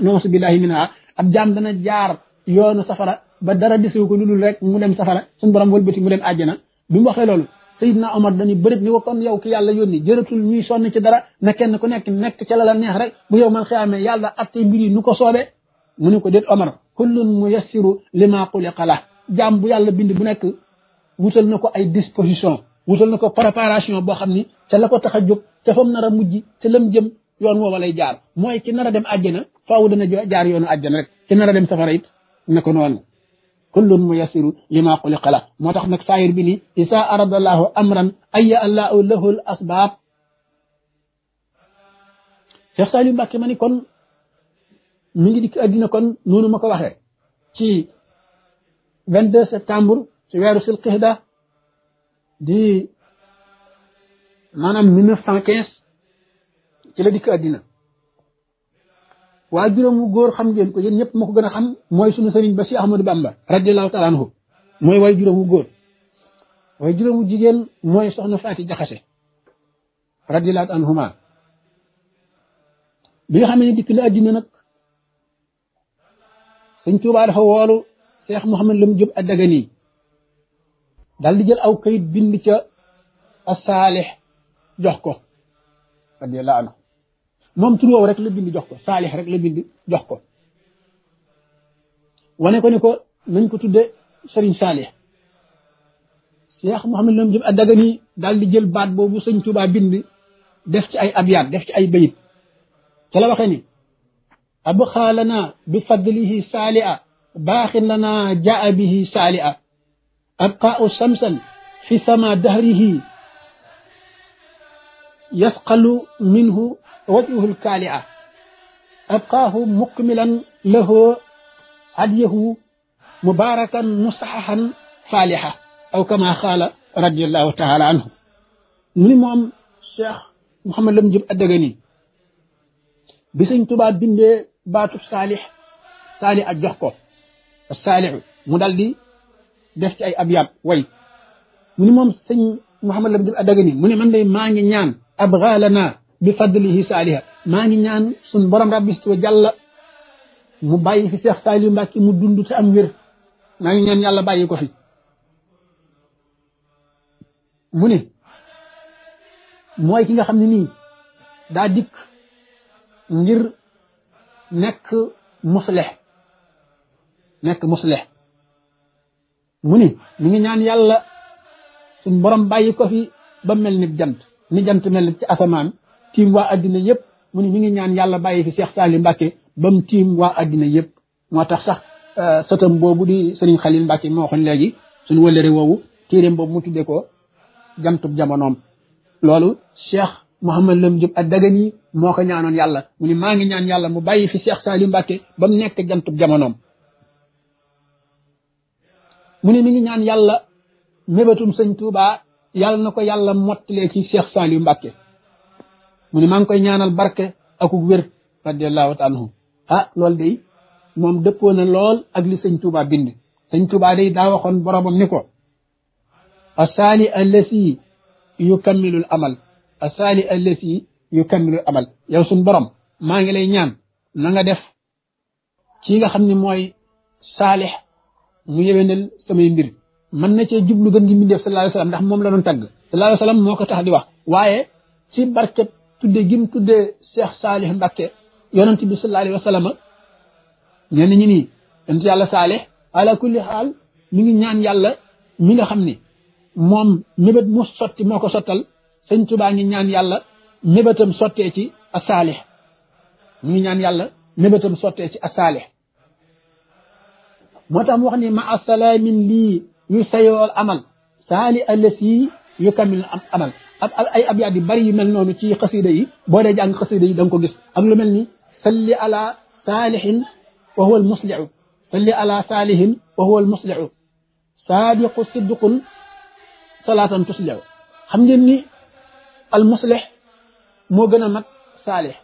noosu billahi mina ab jaam dana jaar yoonu safara ba dara di suuk lu rek mu dem safara suñu borom wëlbati mu dem àjjana bi mu waxee loolu Seydina Omar dañu bërit ni ko kon yow ki yàlla yoon yónni jërëtul ñuy sonn ci dara na kenn ku nekk nekk ca la la neex rek bu yow man xiyaamee yàlla atte mbir yi nu ko soobee mu ne ko déet Omar kullun muyassiru lima xuliqa la jaam bu yàlla bind bu nekk wutal na ko ay disposition wutal na ko préparation boo xam ni ca la ko tax a jóg ca fam nar a mujj ca lam jëm yoon woowa lay jaar mooy ki nar a dem àjjana faaw dana jaar yoonu àjjana rek ci nar a dem safara it na ko noonu kullun muyassiru lima xuliqa la moo tax nag saayir bi ni isa arada allahu amran aya allahu lahu l asbab Cheikh Saliou Mbacke ma ni kon mi ngi dikk addina kon noonu ma ko waxee ci 22 septembre ci weeru sil qihda di maanaam mille neuf cent quinze ci la dikk àddina waa juróom wu góor xam ngeen ko yéen ñëpp moo ko gën a xam mooy suñu sëriñ ba si Ahmadou Bamba radiallahu taala anhu mooy waay juróom wu góor waay juróom wu jigéen mooy soxna Faati Jaxase radiallahu anhuma bi nga xam ne dikk na àddina nag sëñ Tuubaa dafa woolu Cheikh Mouhamed Lam a Adagani daal di jël aw kayit bind ca asaalix jox ko radiyallahu anhu moom tur woowu rek la bind jox ko saalix rek la bind jox ko wane ko ni ko nañ ko tudde sëriñ saalix cheikh mohamad lam jëm addagani daal di jël baat boobu sëñ Tuubaa bind def ci ay abyaat def ci ay bayit ca la waxee ni abxaa lana bi fadlihi saali baaxin lana jaa bihi saali أبقاء شمسا في سما دهره يثقل منه وجهه الكالعة أبقاه مكملا له عليه مباركا مصححا صالحا أو كما قال رضي الله تعالى عنه من موم شيخ محمد لم يجب أدغني بسن تبا بندي باتو صالح صالح الجحكو الصالح مدلدي def ci ay abyaat way mu ni moom sëñ Mouhamad Lamine mu ne man day maa ngi ñaan abra lana bi saaliha maa ngi ñaan suñ borom rabbi wa jàlla mu bàyyi fi Seex Saaliyu Mbàkke mu dund te am wér maa ngi ñaan yàlla bàyyi ko fi mu ne mooy ki nga xam ne nii daa dikk ngir nekk musleh nekk musleh mu ni mi ngi ñaan yàlla suñ borom bàyyi ko fi ba mel ni jant ni jant mel ni ci asamaan tiim waa àddina yëpp mu ni mi ngi ñaan yàlla bàyyi fi Cheikh Saliou Mbacke ba mu tiim waa addina yëpp moo tax sax euh, sëtam boobu di Serigne Khalil Mbacke moo waxoon léegi suñu wëlëre woowu téeréem boobu mu tuddee ko jantub jamonoom loolu Cheikh Mouhamad Lam Diop ak dagan yi moo ko ñaanoon yàlla mu maa ngi ñaan yàlla mu bàyyi fi Cheikh Saliou Mbacke ba mu nekk jantub jamonoom mu ne mi ngi ñaan yàlla mébatum sëñ Touba yàlla na ko yàlla mottalee ci Cheikh Saliou Mbacke mu ne maa ngi koy ñaanal barke akuk wér radiallahu taala anhu ah loolu de moom dëppoo na lool ak li sëñ Touba bind sëñ Touba day daa waxoon boromam ni ko asaali allasi yukammilul amal asaali allasi yukammilul amal yow suñ borom maa ngi lay ñaan na def ci nga xam ne mooy saalix mu yewenal samay mbir man na cee jublu gën gi mbindeef sallallahu alayhi ndax moom la doon tagg sallallahu alayhi moo ko tax di wax waaye ci barkeb tudde gim tudde Cheikh Saalih Mbacke yonent bi sallallahu alayhi wasallam ñenn ñi nii yonent yàlla Saalih ala kulli xaal mi ngi ñaan yàlla mi nga xam ni moom mébét mu sotti moo ko sottal sëñ Tuubaa ngi ñaan yàlla mébétam sottee ci asaalih mi ngi ñaan yàlla mébétam sottee ci asaalih moo tax mu ma asalaamin li yu sayol amal sali alasi yukamil amal ab ay ab yaat bari yu mel nonu ci qasida yi bo de jàng qasida yi dang ko gis ak lu melni salli ala salih wa huwa al musliu salli ala salih wa huwa al musliu saadiqu siddiqun salatan tusliu xam ngeen ni al muslih mo gën a mat saalih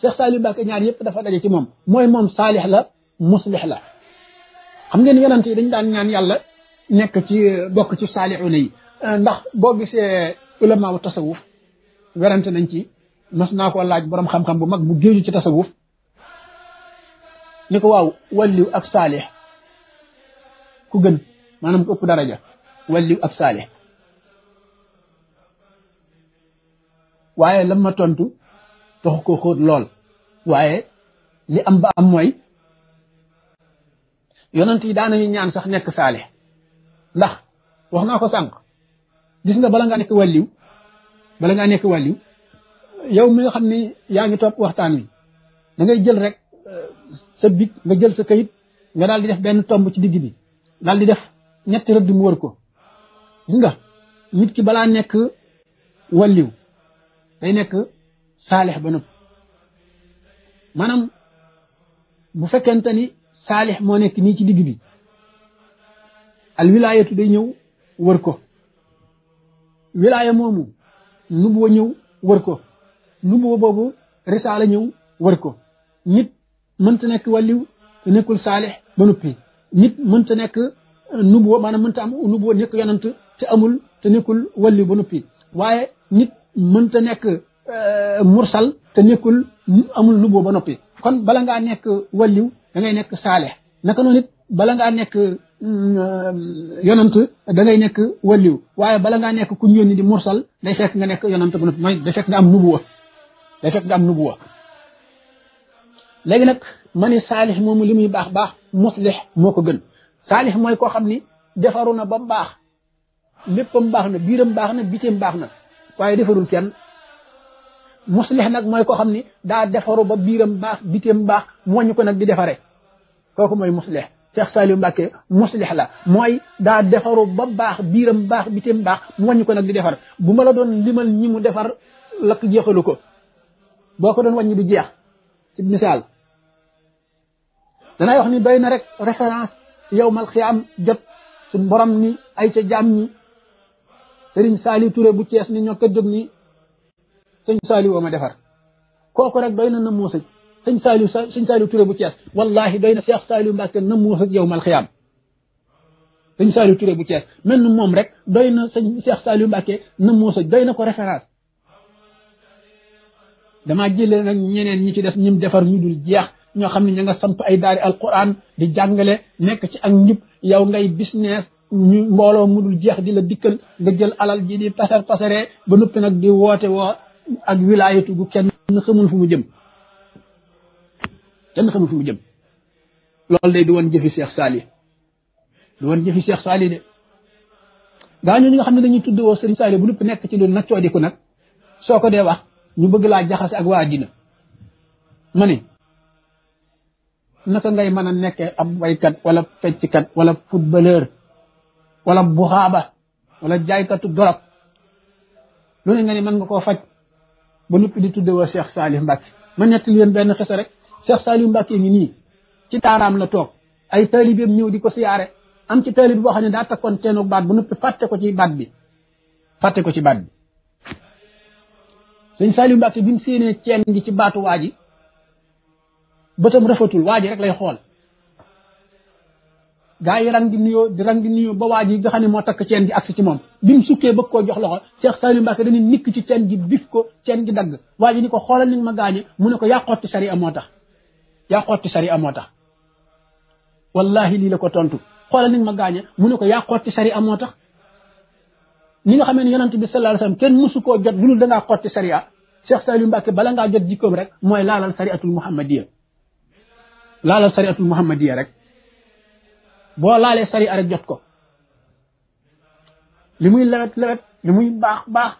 Cheikh salih bakay ñaar yëpp dafa daje ci mom moy mom salih la muslih la xam ngeen yonent yi dañ daan ñaan yàlla nekk ci bokk ci saalixuuna yi eh, ndax boo gisee ulama wu tasawuf werante nañ ci mas naa ko laaj borom xam-xam bu mag bu géeju ci tasawuf ni ko waaw walliw ak saalix ku gën maanaam ku ëpp daraja walliw ak saalix waaye lam ma tontu tax ko xóot lool waaye li am ba am mooy yonent yi daanañu ñaan sax nekk saale ndax wax naa ko sànq gis nga bala nga nekk wàlliw bala ngaa nekk wàlliw yow mi nga xam ni yaa ngi topp waxtaan wi dangay jël rek euh, sa big nga jël sa kayit nga daal di def benn tomb ci digg bi daal di def ñetti rëdd mu wër ko gis nga nit ki balaa nekk wàlliw day nekk saalex ba nëpp maanaam bu fekkente saalix moo nekk nii ci digg bi al wilaayatu day ñëw wër ko wilaaya moomu nubuwa ñëw wër ko nubuwa boobu risaala ñëw wër ko nit mënta nekk wàlliw te nekkul saalix ba noppi nit mënta nekk euh, nubuwa maanaam mënta am nubuwa nekk yonant te amul te nekkul wàlliw ba noppi waaye nit mënta nekk euh, mursal te nekkul amul nubuwa ba noppi kon bala ngaa nekk wàlliw da ngay nekk saale naka noonu it bala ngaa nekk mm, euh, yonant da ngay nekk waliw waaye bala ngaa nekk ku yónni di mursal day fekk nga nekk yonant bu mooy day fekk nga am nubuwa day fekk nga am nubuwa léegi nag ma ne saalix moomu li muy baax baax muslix moo ko gën saalix mooy ko xam ni defaru na ba baax léppam baax na biiram baax na biteem baax na waaye defarul kenn muslih nag mooy koo xam ni daa defaru ba biiram baax biteem baax mu wàññi ko nag di defaree kooku mooy muslih Cheikh Saliou Mbacke muslih la mooy daa defaru ba baax biiram baax biteem baax mu wàññi ko nag di defar bu ma la doon limal ñi mu defar lakk jeexalu ko boo ko doon wàññi du jeex ci misaal danay wax ni doy na rek référence yow mal xiyaam jot suñ borom ni ay ca jaam ñi Serigne Saliou Touré bu Cees ni ñoo ko jóg ni sëñ Saliou wa ma defar kooku rek doy na na muus ak sëñ Saliou sëñ Saliou Touré bu Thiès wallahi doy na Cheikh Saliou Mbacke na muus ak yow mal xiyaam sëñ Saliou Touré bu Thiès mel ni moom rek doy na Cheikh Saliou Mbacke na muus ak doy ko référence damaa jëlee nag ñeneen ñi ci def ñim defar ñu dul jeex ño xamni ñinga ña samp ay daari alquran di jàngale nek ci ak njub yow ngay business ñu mbolo mudul jeex di la dikkel nga jël alal ji di pasar pasare ba noppi nak di wote wo ak wilaayatu gu kenn xamul fu mu jëm kenn xamul fu mu jëm loolu day du woon jëfi Seex Saali du woon jëfi Seex Saali de gaa ñi nga xam ne dañuy tudd woo Sëriñ Saali bu nupp nekk ci lu naccoo diku nag soo ko dee wax ñu bëgg laa jaxase ak waa àddina ma ne naka ngay mën a nekkee ab waykat wala fecckat wala footballeur wala buxaaba wala jaaykatu dorog lu ne nga ne mën nga koo faj ba noppi di tuddewoo Cheikh Saliou Mbacke ma nettali leen benn xese rek Cheikh Saliou Mbacke ngi nii ci taaraam la toog ay taalibeem ñëw di ko siyaare am ci taalib boo xam ne daa takkoon ceenoog baat bu noppi fàtte ko ci baat bi fàtte ko ci baat bi sëñ Saliou Mbacke bi mu séenee ceen gi ci baatu waa ji bëtam rëfatul waa ji rek lay xool gaa yi rang di nuyoo di rang nuyoo ba waa ji nga xam ne moo takk ceen ji agsi ci moom bi mu sukkee bëgg koo jox loxo Cheikh Saliou Mbacke dañu nikk ci ceen ji bif ko ceen gi dagg waa ji ni ko xoolal ni ma gaañe mu ne ko yaa xotti sariya moo tax yaa xotti sariya moo tax wallahi lii la ko tontu xoolal ni ma gaañe mu ko yaa xotti sariya moo tax ni nga xamee ne yonent bi sallallahu alayhi wasallam kenn mësu koo jot lu dul dangaa xotti sariya Cheikh Saliou Mbacke bala ngaa jot jikkoom rek mooy laalal sariatul muhammadiya laalal sariatul muhammadiya rek boo laalee sariya rek jot ko li muy lewet lewet li muy baax baax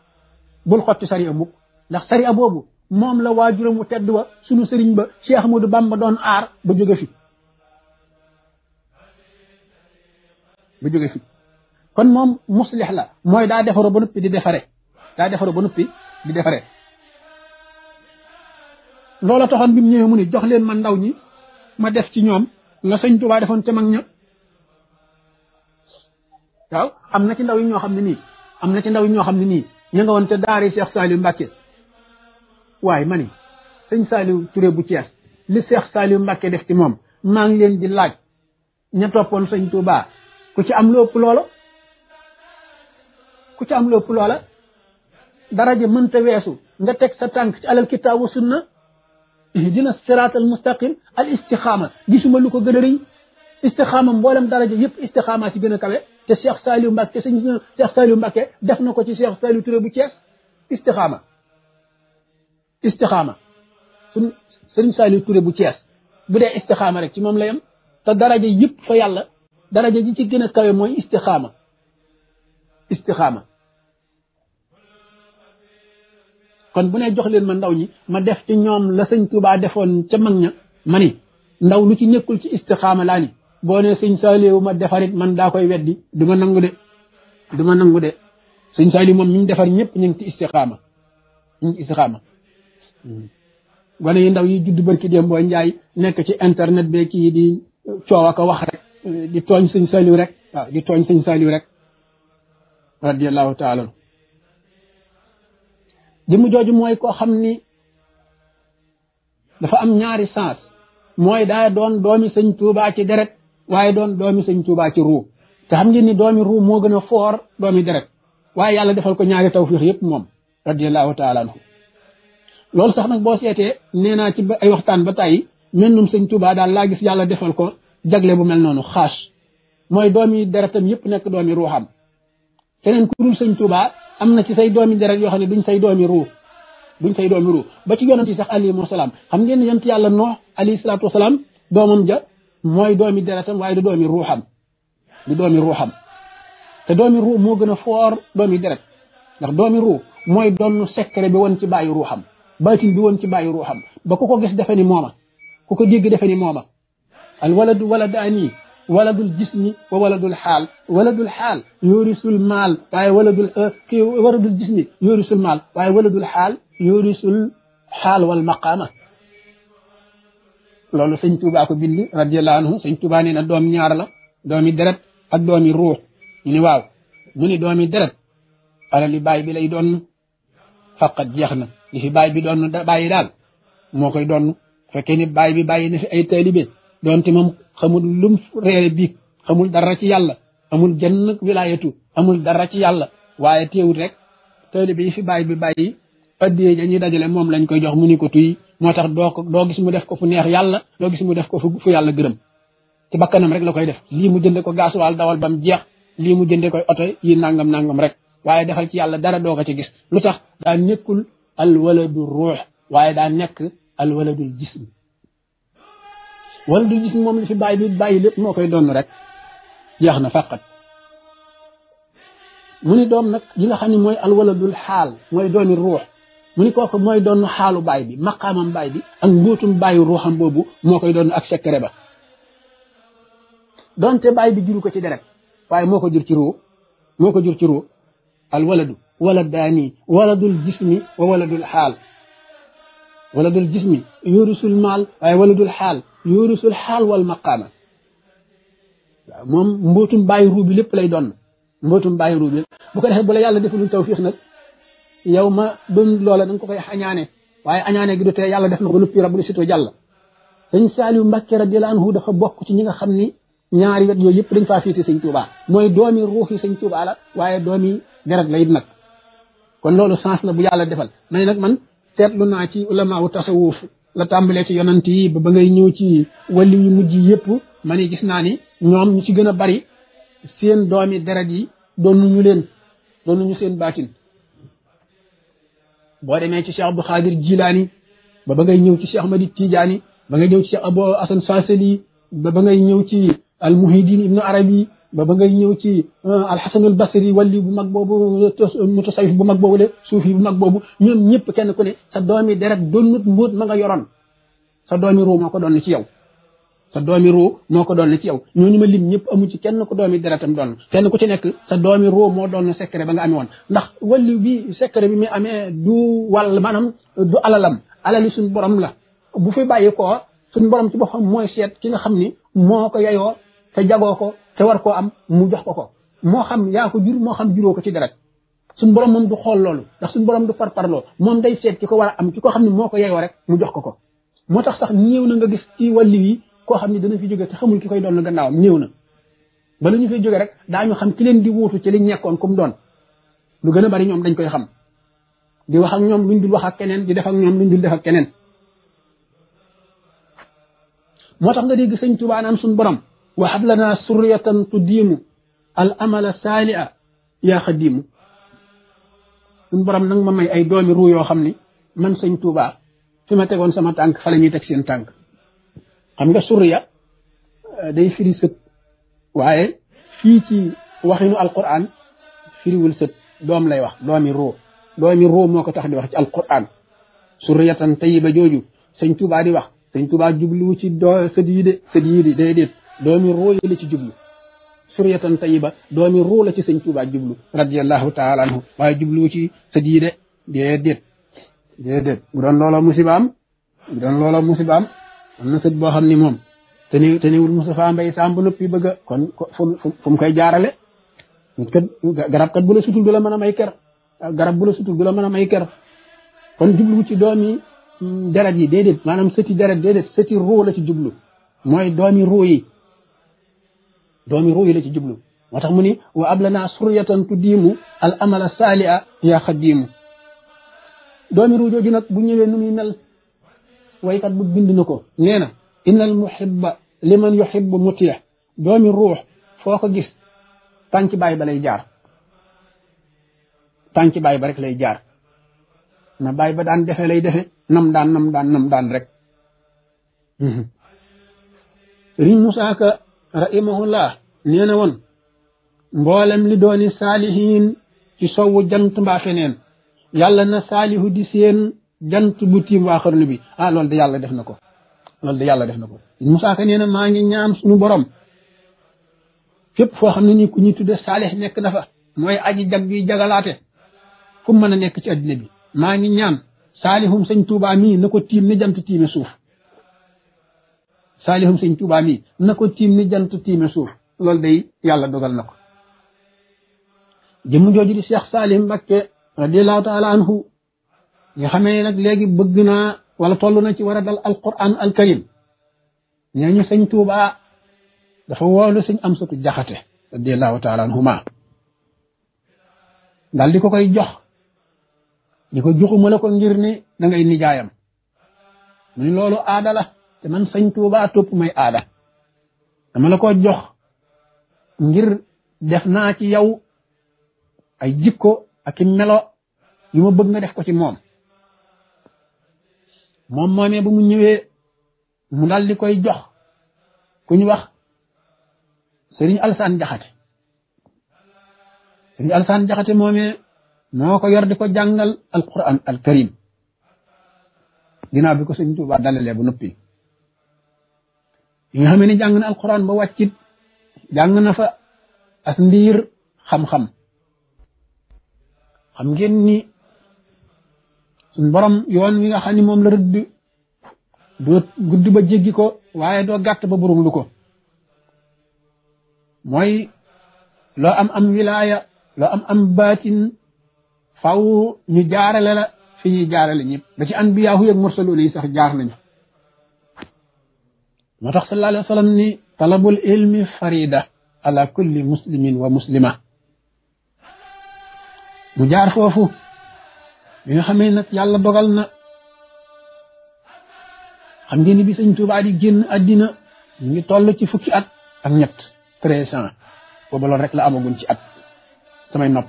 bul xotti sariya mukk ndax sariya boobu moom la waajuram wu tedd wa sunu sëriñ ba Cheikh Ahmadou Bamba doon aar ba jóge fi ba jóge fi kon moom muslix la mooy daa defaroo ba noppi di defare daa defaroo ba noppi di defare loola taxoon bi mu ñëwee mu ni jox leen ma ndaw ñi ma def ci ñoom la sëñ Tuubaa defoon ca mag ña waaw am na ci ndaw yi ñoo xam ne nii am na ci ndaw yi ñoo xam ne nii ña nga woon te daari Cheikh Saliou Mbacke waaye ma ni sëñ Saliou bu Thiès li Cheikh Saliou Mbacke def ci moom maa ngi leen di laaj ña toppoon sëñ Touba ku ci am lu ëpp loola ku ci am lu ëpp loola daraja mënta weesu nga teg sa tànk ci alal kitaabu sunna dina siraat al mustaqim al istixaama gisuma lu ko gën a rëy istixaama mboolem daraja yëpp istixaama ci gën a kawe te Cheikh Saliou Mbacke te sëñ Cheikh Saliou def na ko ci Cheikh Saliou Touré bu Thiès istixaama istixaama suñ sëriñ Saliou Touré bu Thiès bu dee istixaama rek ci moom la yem te daraja yëpp fa yàlla daraja ji ci gën a kawe mooy istixaama istixaama kon bu ne jox leen ma ndaw ñi ma def ci ñoom la sëñ Touba defoon ca mag ña ma ni ndaw lu ci nekkul ci istixaama laa ni boo ne sëñ Saaliw ma defarit man daa koy weddi du ma nangu de du ma nangu de sëñ Saaliw moom ñu defar ñëpp ñu ngi ci istixaama ñu ngi ci yi ndaw yi judd barki dem boo njaay nekk ci internet be kii di coow ak a wax rek di tooñ sëñ Saaliw rek tooñ sëñ Saaliw rek radiallahu taala jëmm jooju mooy koo xam ni dafa am ñaari sens mooy daa doon doomi sëñ Tuubaa ci deret waaye doon doomi sëñ Tuubaa ci ruu te xam ngeen ni doomi ruu moo gën a foor doomi deret waaye yàlla defal ko ñaari tawfiix yëpp moom radiallahu taala anhu loolu sax nag boo seetee nee naa ci ay waxtaan ba tàyyi mennum sëñ Tuubaa daal laa gis yàlla defal ko jagle bu mel noonu xaas mooy doomi deretam yëpp nekk doomi ruuxam keneen ku dul sëñ Tuubaa am na ci say doomi deret yoo xam ne duñ say doomi ruux duñ say doomi ruux ba ci yonent yi sax alayhi wa salaam xam ngeen yonent yàlla noox alayhi salaatu wa doomam ja moy doomi deratam way do doomi ruham du doomi ruham te doomi ruu mo gëna for doomi deret ndax doomi ruu moy doon secret bi won ci bàyyi ruuxam baatin bi won ci bayu ruham ba ku ko gis defe ni mooma ku ko dégg defe ni al waladu waladani waladul jismi wa waladul xaal waladul xaal yorisul maal waaye waladul kii waladul jismi yorisul maal waaye waladul xaal yorisul xaal wal maqaama loolu sëñ Tuubaa ko bind radiyallahu anhu sëñ Tuubaa nee na doom ñaar la doomi deret ak doomi ruux ñu waaw mu ni doomi deret alal li baay bi lay doon faqat jeex na li fi baay bi doon bàyyi daal moo koy doon fekkee ni baay bi bàyyi na fi ay taalibe doonte moom xamul lum réere biig xamul dara ci yàlla amul jenn wilaayatu amul dara ci yàlla waaye teewut rek taalibe yi fi baay bi bàyyi addiyee dañuy dajale moom lañ koy jox mu ni ko tuy moo tax doo ko doo gis mu def ko fu neex yàlla doo gis mu def ko fu yàlla gërëm ci bakkanam rek la koy def lii mu jënde ko gaasuwaal dawal ba jeex lii mu jënde koy oto yi nangam nangam rek waaye defal ci yàlla dara doo ko ci gis lu tax daa nekkul alwaladu ruux waaye daa nekk alwaladul jism waladul jism moom li fi bàyyi lépp moo koy doon rek jeex na faqat mu ni doom nag li nga mooy alwaladul xaal muni koku moy mooy xalu bay bi maqamam bay bi ak ngotum baayu ruuxam boobu moo koy doon ak sekkere ba donte bay bi juru ko ci deret waye moko ko jur ci ru moko ko jur ci ru al waladu waladani waladul jismi wa waladul hal waladul jismi yurusul mal waye waladul hal yurusul hal wal maqama mom mbotum mbóotum ru bi lépp lay don mbotum baayu ru bi bu ko defe bu la yàlla defalul tawfiq nak yow ma doon loola da ko koy añaane waaye añaane gi du tee yàlla def na ko ba noppi rabbul sito jàll sëñ Saaliw Mbàkke radiyallaahu anhu dafa bokk ci ñi nga xam ni ñaari wet yooyu yëpp dañ faa fiiti sëñ Tuubaa mooy doomi yi sëñ Tuubaa la waaye doomi deret la it nag kon loolu sens la bu yàlla defal mais nag man seetlu naa ci ulama wu tasawuf la tàmbalee ci yonant yi ba ba ngay ñëw ci wàllu yu mujj yëpp ma ni gis naa ni ñoom ñu ci gën a bari seen doomi deret yi doon leen doon ñu seen baatin boo demee ci cheikh abdou xaadir jilaani ba ba ngay ñëw ci cheikh ahmadi tijaani ba ngay ñëw ci cheikh abou asan saasali ba ba ngay ñëw ci al muhidin ibnu arabi ba ba ngay ñëw ci alxasan al basri walli bu mag boobu mutasawif bu mag boobu le suufi bu mag boobu ñoom ñëpp kenn ku ne sa doomi deret doonut mbóot ma nga yoroon sa doomi ruu ko doon ci yow sa doomi ruu moo ko doon na ci yow ñooñu ma lim ñëpp amu ci kenn ku doomi deretam doon kenn ku ci nekk sa doomi ruu moo doon na secret ba nga amee woon ndax wàllu bi secret bi mu amee du wàll maanaam du alalam alali suñu borom la bu fi bàyyi koo suñu borom ci mooy seet ki nga xam ni moo ko yayoo te jagoo ko te war koo am mu jox ko ko moo xam yaa ko jur moo xam juróo ko ci deret suñu borom moom du xool loolu ndax suñu borom du parparloo moom day seet ki ko war am ki ko xam ne moo ko yeyoo rek mu jox ko ko moo tax sax ñëw na nga gis ci wàllu koo xam ne dana fi jóge te xamul ki koy doon gannaawam ñëw na bala ñu fay jóge rek daa daañu xam ki leen di wuutu ci liñ nekkoon kum doon lu gën a bari ñoom dañ koy xam di wax ak ñoom luñ dul wax ak keneen di def ak ñoom luñ dul def ak keneen moo tax nga dégg sëñ Tuubaa naan suñ borom wa hablana surriyatan tuddiimu al amala saali'a yaa xadiimu suñ borom nag ma may ay doomi ruu yoo xam ni man sëñ Tuubaa fi ma tegoon sama tànk fa la ñuy teg seen tànk xam nga surya euh, day firi sët waaye fii ci waxinu alquran firiwul sët doom lay wax doomi ruu doomi ruu moo ko tax di wax ci alquran surriyatan tayiba jooju sëñ Tuubaa di wax sëñ Tuubaa jubluwu ci doo sët yi de sët yi de déedéet doomi ruu la ci jublu surriyatan tayiba doomi ruu la ci sëñ jublu radiyallahu taala anhu waaye jubluwu ci sët yi de déedéet déedéet bu doon loola musibaam bu am na sët boo xam ni moom te ni te niwul Moustapha Mbaye noppi bëgg a kon fu mu koy jaarale nit kat garab kat bu la sutul du la mën a may ker garab bu la la mën a may ker kon jublu ci doomi mm, deret yi déedéet maanaam sëti deret déedéet sëti ruu la ci jublu mooy doomi ruu yi doomi ruu la ci jublu moo tax mu ni wa ab la naa suryatan tu diimu al amala saali a yaa xadiimu doomi ruu nag bu ñëwee nu muy mel waykat bu bind na ko nee na innal muhibba liman yuhibbu mutiya doomi ruux foo ko gis tànc bàyyi ba lay jaar tànc bàyyi ba rek lay jaar na bàyyi ba daan defe lay defe nam daan nam daan nam daan rek riñ Musaa Ka rahimahullah nee na woon mboolem li dooni saalihiin ci sowu jant mbaa feneen yàlla na saalihu di seen jant bu tiim waa xarnu bi ah loolu de yàlla def na ko loolu de yàlla def na ko Moussa Ka nee na maa ngi ñaan suñu borom fépp foo xam ne nii ku ñuy tudde saalix nekk na fa mooy aji jag bi jagalaate fu mu mën a nekk ci addina bi maa ngi ñaan saalihum sëñ Tuubaa mii na ko tiim ni jant tiime suuf saalihum sëñ tiim ni jant tiime suuf loolu day yàlla dogal na ko jëmm jooju di Cheikh Saalih Mbakke radiallahu taala anhu nga xamee nag léegi bëgg naa wala toll na ci war a dal alquran alkarim ñooñu sëñ Tuuba dafa woolu sëñ am satu jaxate radiallahu taala anhuma dal di ko koy jox di ko joxuma la ko ngir ne da nijaayam mu loolu aada la te man sëñ Tuuba topp may aada dama la ko jox ngir def naa ci yow ay jikko ak melo yu bëgg nga def ko ci moom moom moomee ba mu ñëwee mu dal di koy jox ku ñu wax sëriñ alsaan jaxate sëriñ alsaan jaxate moomee moo ko yor di ko jàngal alquran al karim ginnaaw bi ko sëriñ Tuubaa dalalee ba noppi yi nga xam ne jàng na alquran ba wàccit jàng na fa as ndiir xam-xam xam ngeen ni suñ borom yoon wi nga xam moom la rëdd doo gudd ba jéggi ko waaye doo gàtt ba burum lu ko mooy loo am am wilaaya loo am am baatin faw ñu jaarale la fi ñuy jaarale ñëpp da ci anbiyaahu yeeg mursaluun sax jaar nañu moo tax sallallahu alayhi wa sallam ni talabul ilmi farida ala kulli muslimin wa muslima mu jaar foofu mi nga xamee nag yàlla dogal na xam ngeen bi sëñ Tuubaa di génn àddina ñu ngi toll ci fukki at ak ñett treize ans booba loolu rek la amagun ci at samay nopp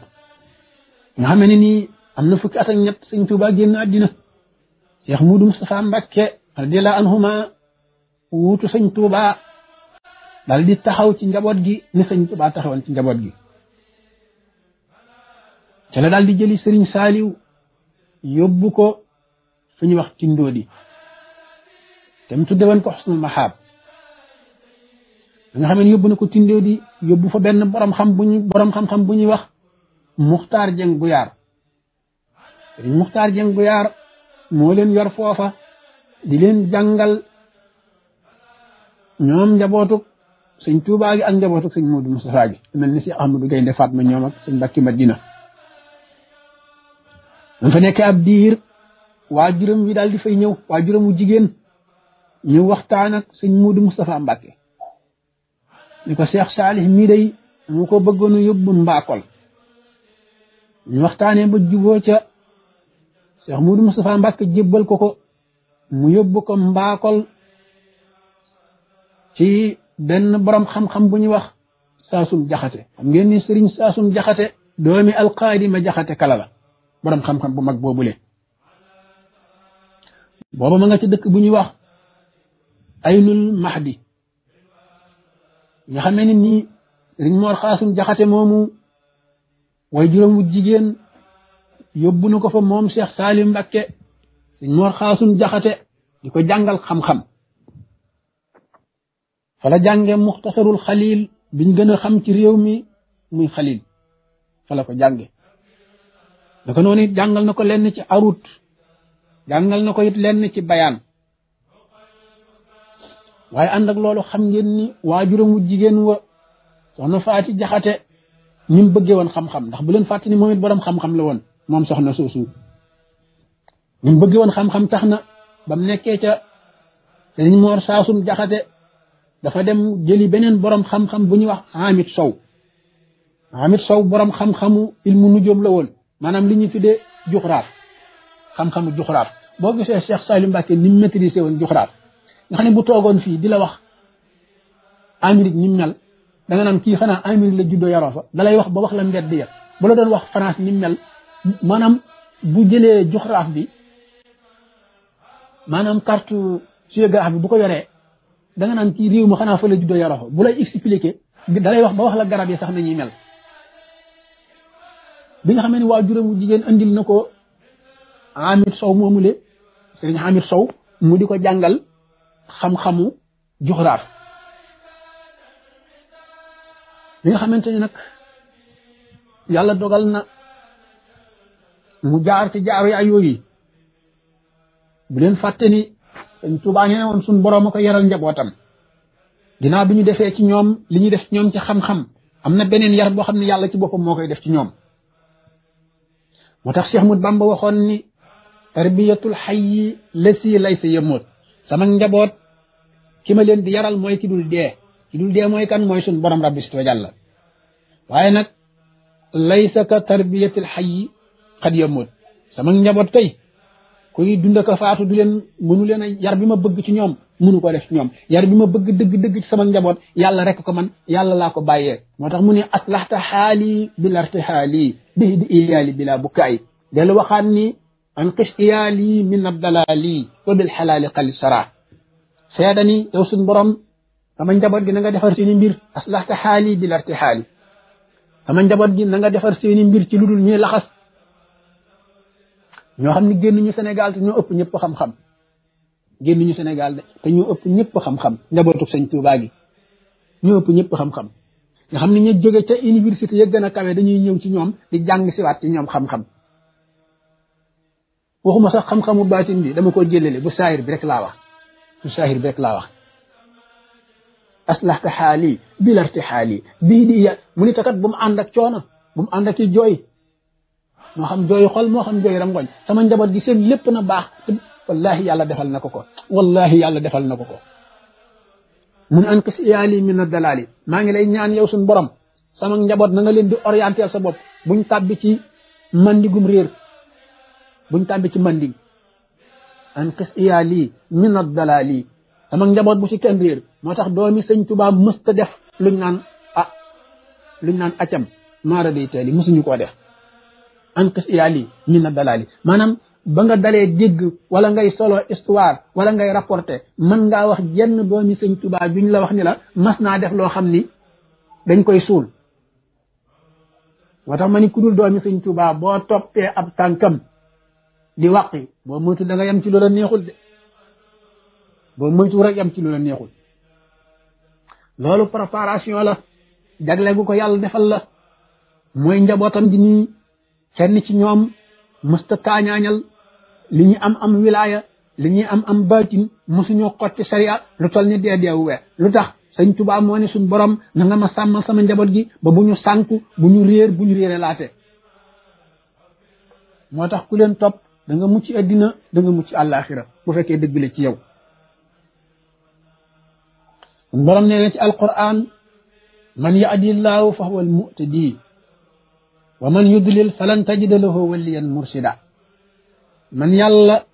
nga xamee ne nii am na fukki at ak ñett sëñ Tuubaa génn àddina Cheikh Moudou Moustapha Mbacke radiallahu anhuma wuutu sëñ Tuubaa dal di taxaw ci njaboot gi ni sëñ Tuubaa taxawoon ci njaboot gi ca la dal di jëli sëriñ Saaliw yóbbu ko fu ñu wax ci ndóodi te mu tudde woon ko xusnul maxaab nga xam ne yóbbu na ko tindóodi yóbbu fa benn borom xam bu ñu borom xam-xam bu ñuy wax muxtaar jëng guyaar sëriñ muxtaar jëng guyaar moo leen yor foofa di leen jàngal ñoom njabootuk sëñ Tuubaa gi ak njabootuk sëñ Moodu Mustafaa gi mel ni si Ahmadu Gaynde Fatma ñoom ak sëñ Mbàkke Madina dafa nekk ab diir waajuram wi daal di fay ñëw waajuram wu jigéen ñu waxtaan ak sëñ Muudu Moustapha Mbàkke ni ko Seex Saalih mi day mu ko bëggoon a yóbbu mbaakol ñu waxtaanee ba juboo ca Seex Muudu Moustapha Mbàkke jébbal ko ko mu yóbbu ko mbaakol ci benn borom xam-xam bu ñuy wax saasum jaxate xam ngeen ni sëriñ saasum jaxate doomi a jaxate kala borom xam-xam bu mag boobule. booba ma nga ci dëkk bu ñuy wax aynul mahdi nga xamee ne nii riñ moor xaasum jaxate moomu way juróom jigéen yóbbu nu ko fa moom Cheikh Salim Mbakke riñ moor xaasum jaxate di ko jàngal xam-xam fa la jànge muxtasarul biñ gën a xam ci réew mi muy xalil fa ko jànge naka noonu it jàngal na ko lenn ci arut jàngal na ko it lenn ci bayaan waaye ànd ak loolu xam ngeen ni waajuramu jigéen wa soxna faati jaxate ni mu bëggee woon xam-xam ndax bu leen fàtte ni moom it borom xam-xam la woon moom soxna soosu ni mu bëggee woon xam-xam tax na ba mu nekkee ca sëriñ moor saasum jaxate dafa dem jëli beneen boroom xam-xam bu ñuy wax amit sow amit sow borom xam-xamu ilmu nujum la woon maanaam li ñu tuddee juxraat xam-xamu juxraat boo gisee Cheikh Saliou Mbacke ni mu maîtrisé woon juxraat nga xam ne bu toogoon fii di la wax Amérique ni mu mel da nga naan kii xanaa Amérique la juddoo yaroo dalay wax ba wax la mbedd ya bu la doon wax France ni mu mel maanaam bu jëlee juxraat bi maanaam carte géographie bu ko yoree da naan kii réew ma xanaa fa la juddoo yaroo fa bu lay expliqué dalay wax ba wax la garab yi sax nañuy mel bi nga xamee wajuram mu jigen andil nako amir saw momule serigne amir saw mu diko jangal xam-xamu juxraaf bi nga xamante ni nag yàlla dogal na mu jaar ci jaaru yaay yooyu bu len fàtte ni sëñ Tuubaa nee woon suñ borom ko yaral njabotam dina biñu defé ci ñom liñu ñu def ñom ci xam-xam amna benen yar bo xamni yalla ci bopam moo koy def ci ñom motax Cheikh Ahmadou Bamba waxon ni tarbiyatul hayy lasi laysa yamut sama njabot kima len di yaral moy kidul de kidul de moy kan moy suñ borom rabbi sito jàlla waye nak laysa ka tarbiyatul hayy qad yamut sama njabot kay kuy dund ka faatu du leen mënu leen yar bima beug ci ñom munu ko def ñom yar bi ma bëgg dëgg dëgg ci sama njaboot yàlla rek ko man yàlla la ko bayé motax muni aslahta hali bil irtihali bihdi di bila bukkaay dellu waxaan ni an qis iyaali min abdalali wa bil xalaali qal sara sayadani yow suñ borom sama njaboot gi na nga defar seeni mbir aslahta hali bil irtihali sama njaboot gi na nga defar seeni mbir ci luddul ñi laxas ño xamni ne génn ñu Sénégal ñu upp ëpp ñëpp xam-xam génnuñu Sénégal de te ñu ëpp ñëpp xam-xam njabootu sëñ Tuubaa gi ñu ëpp ñëpp xam-xam nga xam ni ñu jóge ca université ya gën kawe dañuy ñëw ci ñoom di jàng waat ci ñoom xam-xam waxuma sax xam-xamu baatin bi dama ko jëlale bu saahir bi rek laa wax bu saahir bi rek laa wax aslahta xaali bi larti xaali bii di ya mu ni takat bu mu ànd ak coono bu mu ànd jooy moo xam jooy xol moo xam jooy ram ngoñ sama njaboot gi seen lépp na baax wallahi yàlla defal na ko ko wallahi yàlla defal na ko ko mun an kis iyaali min a dalaali maa ngi lay ñaan yow suñ borom sama njaboot na nga leen di orienté sa bopp ñu tàbbi ci mandigum réer buñ tàbbi ci mandi an kis iyaali min a dalaali sama njaboot bu ci kenn réer moo tax doomi sëñ Tuubaa mësta def luñ naan ah luñ naan acam maara day teeli mësuñu koo def an iyaali min a dalaali ba nga dalee dégg wala ngay solo histoire wala ngay rapporter mën ngaa wax jenn doomi sëñ Tuubaa juñ la wax ni la mas naa def loo xam ni dañ koy suul moo tax ma ni ku dul doomi sëñ Tuubaa boo toppee ab tànkam di wàqi boo moytu da nga yem ci loola neexul de boo moytu rek yem ci loola neexul loolu préparation la jagle gu ko yàlla defal la mooy njabootam di nii kenn ci ñoom mësta kaañaañal li am am wilaya li am am batin mosuñoo xoti sharia lu tol ni dee deewu weer lutax señ tuba mo moo ne suñ borom na nga ma sàmmal sama njabot gi ba buñu sanku buñu reer buñu réer bu ñu laate moo ku leen top da nga mucc adina da nga mucc alakhirah bu fekke deug la ci yow borom nee ci alquran man ya'di allah fa huwa almu'tadi wa man yudlil falan tajida lahu waliyan mursida man yàlla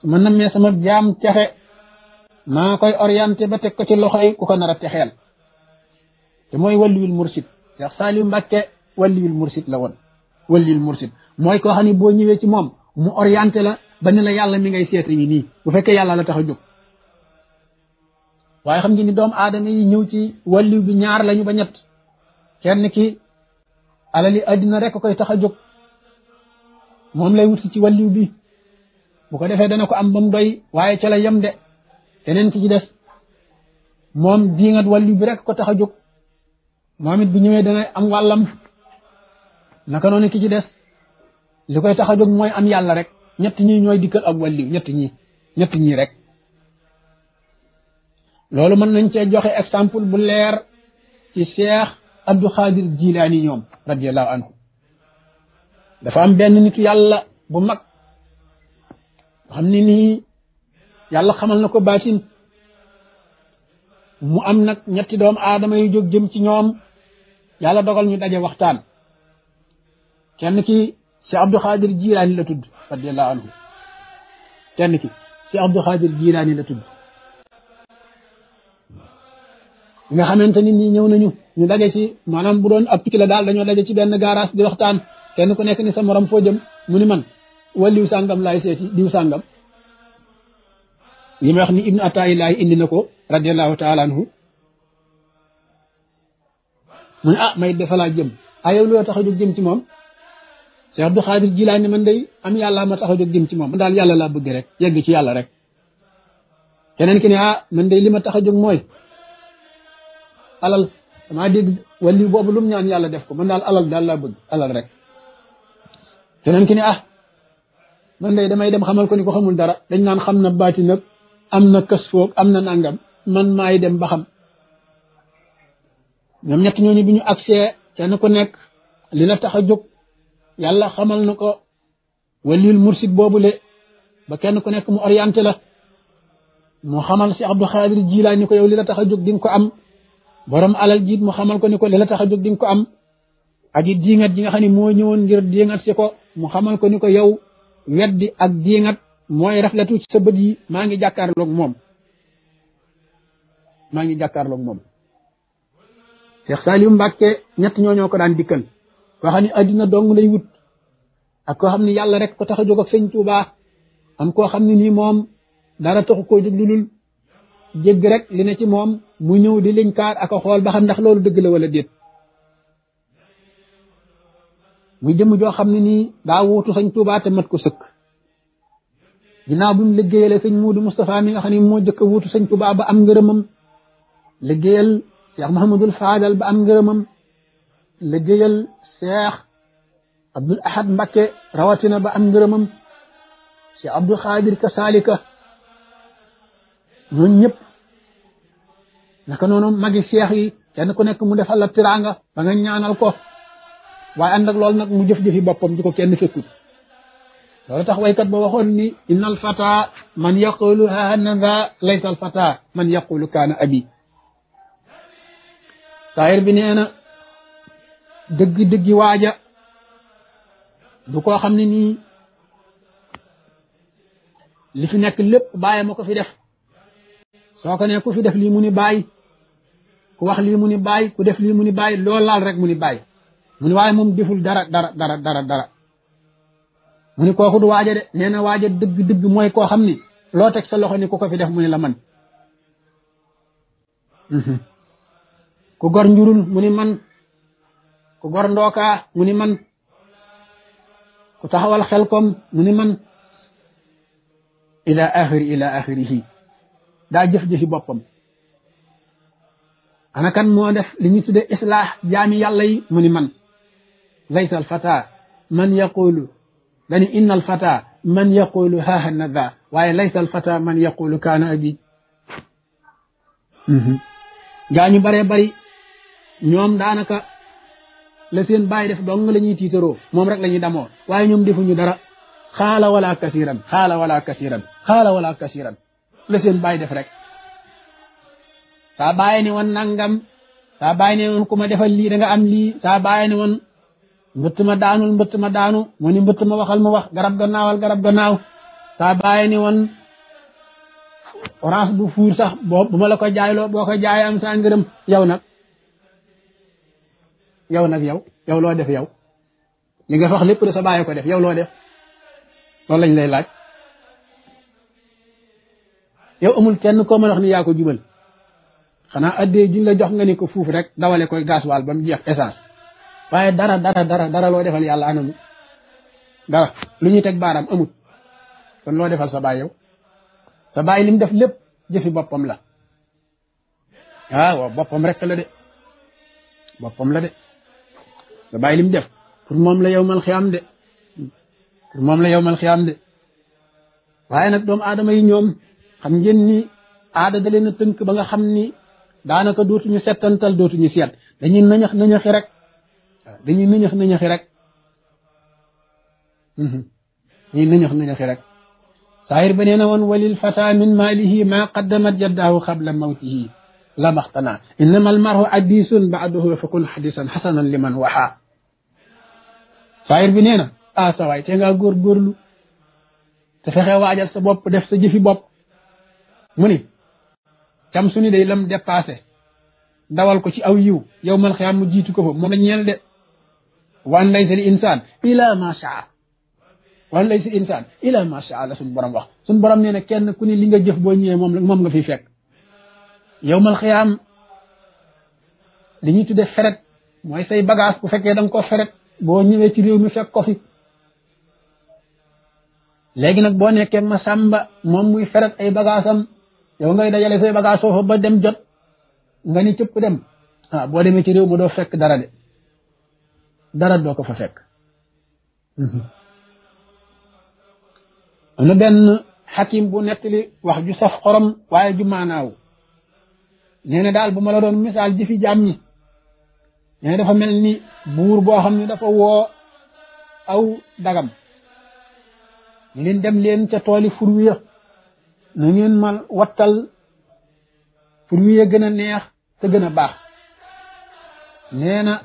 su ma nammee sama jaam texe maa koy orienté ba teg ko ci loxo yi ku ko nar a texeel te mooy wàlliwil mursid Cheikh Saliou Mbacke wàlliwil mursid la woon wàlliwil mursid mooy koo xam boo ñëwee ci moom mu orienté la ba ne la yàlla mi ngay seeta yi nii bu fekkee yàlla la tax a jóg waaye xam nga ni doomu aadama yi ñëw ci wàlliw bi ñaar lañu ba ñett kenn ki alali addina rek koy tax a jóg moom lay wut ci wàlliw bi bu ko defee dana ko am ba mu doy waaye ca la yem de keneen ki ci des moom diingat wàlliw bi rek ko tax a jóg moom bu ñëwee dana am wàllam naka noonu ki ci des li koy tax a jóg mooy am yàlla rek ñett ñi ñooy dikkal ab wàlliw ñett ñi ñett ñi rek loolu mën nañ cee joxe exemple bu leer ci Cheikh Abdou Khadir Jilaani ñoom radiyallahu anhu dafa am benn nitu yàlla bu mag xam ni nii yàlla xamal na ko baatin mu am nag ñetti doom aadama yu jóg jëm ci ñoom yàlla dogal ñu daje waxtaan kenn ki si Abdou Khadir Jilaani la tudd radiyallahu ki si Abdou Khadir Jilaani la tudd nga xamante ni ñëw nañu ñu daje ci maanaam bu doon ab tukki la daal dañoo daje ci benn garage di waxtaan kenn ku nekk ni sa morom foo jëm mu ni man waliw sàngam laay seeti diw sàngam yi may wax ni ibnu ataayilaay indi na ko radiallahu taala anhu mu ne ah may defalaa jëm ah yow loo tax a jóg jëm ci moom Cheikh Abdou Khadir Jilaani man day am yàllaa ma tax a jóg jëm ci moom ma daal yàlla laa bëgg rek yegg ci yàlla rek keneen ki ne ah man day li ma tax a jóg mooy alal damaa dégg waliw boobu lu mu ñaan yàlla def ko man daal alal daal laa bëgg alal rek keneen ki ne ah man day damay dem xamal ko ni ko xamul dara dañ naan xam na baati nag am na kës foog am na nangam man maay dem ba xam ñoom ñett ñooñu bi ñu accès kenn ku nekk li tax a jóg yàlla xamal na ko walil mursid boobule ba kenn ku nekk mu orienté la mu xamal si Abdou Xaadir Jilaani ni ko yow li tax a jóg di nga ko am borom alal jiit mu xamal ko ni ko li la a jóg di nga ko am aji diingat ji nga xam ne moo ñëwoon ngir diingat si ko mu xamal ko ni ko yow weddi ak diingat mooy rafletu ci sa bët yi maa ngi jàkkaarloog moom maa ngi jàkkaarloog moom Cheikh Saliou Mbacke ñett ñooñoo ko daan dikkal koo xam ne addina dong lay wut ak ko xam ne yàlla rek ko tax a jóg ak sëñ Touba am koo xam ne nii moom dara taxu ko jóg lu dul jégg rek li ne ci moom mu ñëw di liñ kaar ak a xool ba xam ndax loolu dëgg la walla déet muy jëm joo xam ne nii daa sañ Tuubaa te mat ko sëkk ginnaaw bi mu liggéeyalee sëñ Muudu Moustapha mi nga xam ne moo jëkk a wuutu sañ Tuubaa ba am ngërëmam liggéeyal Cheikh Mahamadul Faadal ba am ngërëmam liggéeyal Cheikh Abdul Ahad Mbakke rawatina ba am ngërëmam Cheikh Abdul Xaadir kasaalika ñooñu ñëpp naka noonu magi Cheikh yi kenn ku nekk mu defal la ba nga ñaanal ko waaye ànd ak loolu nag mu jëf-jëfi boppam ji ko kenn fekkut loolu tax waykat ba waxoon ni inna al fata man yaqulu hanada laysa al fata man yaqulu kaana abi saayir bi nee na dëgg-dëggi waaja du koo xam ne nii li fi nekk lépp bàyyi ma ko fi def soo ko ne ku fi def lii mu ni bàyyi ku wax lii mu ni bàyyi ku def lii mu ni bàyyi lool laal rek mu ni bàyyi mu ne waaye moom deful dara dara dara mu ne kooku du waaja de nee na waaja dëgg-dëgg mooy koo xam ni loo teg sa loxo ni ku ko fi def mu ne la man mhm. ku gor njurul mu ni man ku gor ndookaa mu ni man ku taxawal xel kom mu ni man ila axiri ila axirihi daa jëf-jëfi boppam ana kan moo def li ñu tudde islaax jaami yàlla yi mu ni man ليس الفتى من يقول يعني إن الفتى من يقول ها ها هنذا وليس الفتى من يقول كان أبي جاني باري باري نيوم دانكا لسين باي ديف دونغ لا ني تيترو موم رك لا ني دامو واي نيوم ديفو ني دارا خالا ولا كثيرا خالا ولا كثيرا خالا ولا كثيرا لسين باي ديف رك سا باي ني وون نانغام سا باي ني وون كوما ديفال لي داغا ام لي سا باي ني وون mbëtt ma daanul mbëtt ma daanu moo ni mbëtt ma waxal mu wax garab ga naawal garab ga naaw saa bàyyi ni woon orange bu fuur sax boo bu ma la ko jaayloo boo ko jaay am saa ngërëm yow nag yow nag yow yow loo def yow li nga wax lépp de sa bàyyi ko def yow loo def loolu lañ lay laaj yaw amul kenn koo mën wax ni yaa ko jubal xanaa addee juñ la jox nga ni ko fuuf rek dawale koy gasoil ba mu jeex essence waaye dara dara dara dara loo defal yàlla anamu dara lu ñuy teg baaraam amul kon loo defal sa baay yow sa li mu def lépp jëfi boppam la ah, waaw boppam rek la de boppam la de li mu def pour moom la yow mal xiyaam de pour moom la yow mal xiyaam de waaye nag doom aadama yi ñoom xam ngeen ni ada da leen tënk ba nga xam ni daanaka dootuñu settantal dootuñu seet dañuy nañax nañaxi rek dañuy nëñëx nëñëxi rek dañuy nëñëx nëñëxi rek saahir ba nee na woon walil fata min maalihi ma qaddamat jaddaahu qabla mawtihi la maxtana innama almarhu hadisun baaduhu fa kun hadisan xasanan liman waxaa saahir bi nee na ah sa waay te ngaa góorgóorlu te fexe waajal sa bopp def sa jëfi bopp mu ni cam su ni day lam dépassé dawal ko ci aw yiw yow man xëyaam mu jiitu ko fa moom la ñeel de wan laysa li insaan ila ma shaa wan laysa li insaan ila ma shaa la suñu borom wax suñu borom nee na kenn ku ne li nga jëf boo ñëwee moom moom nga fiy fekk yowmal xiyaam li ñuy tuddee feret mooy say bagaas bu fekkee da ko feret boo ñëwee ci réew mi fekk ko fi léegi nag boo nekkee ma sàmba moom muy feret ay bagage am yow ngay dajale say bagage foofu ba dem jot nga ni cëpp dem ah boo demee ci réew mi doo fekk dara de dara doo ko fa fekk mhm. am benn xakim bu nettali wax ju saf xorom waaye ju maanaaw nee daal bu ma la doon misaal ji fi jaam ñi nee na dafa mel ni buur boo xam ne dafa woo aw dagam ñu leen dem leen ca tooli fur wi na ngeen ma wattal fur wi gën a neex te gën a baax nee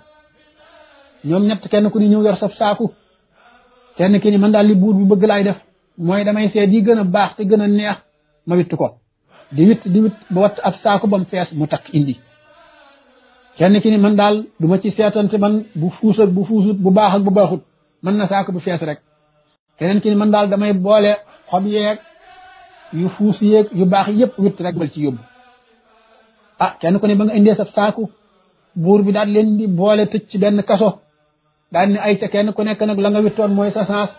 ñoom ñett kenn ku ni ñëw yor sab saaku kenn ki ni man daal li buur bi bëgg laay def mooy damay seet yi gën a baax te gën a neex ma wittu ko di witt di witt ba watt ab saaku ba mu fees mu takk indi kenn ki ni man daal duma ci ci seetante man bu fuus bu fuusut bu baax ak bu baaxut mën na saaku bu fees rek keneen ki ni man daal damay boole xob yeeg yu fuus yeeg yu baax yépp witt rek bal ci yóbbu ah kenn ku ne ba nga indee sab saaku buur bi daal leen di boole tëj ci benn kaso daal ni ay ca kenn ku nekk nag la nga wittoon mooy sa sens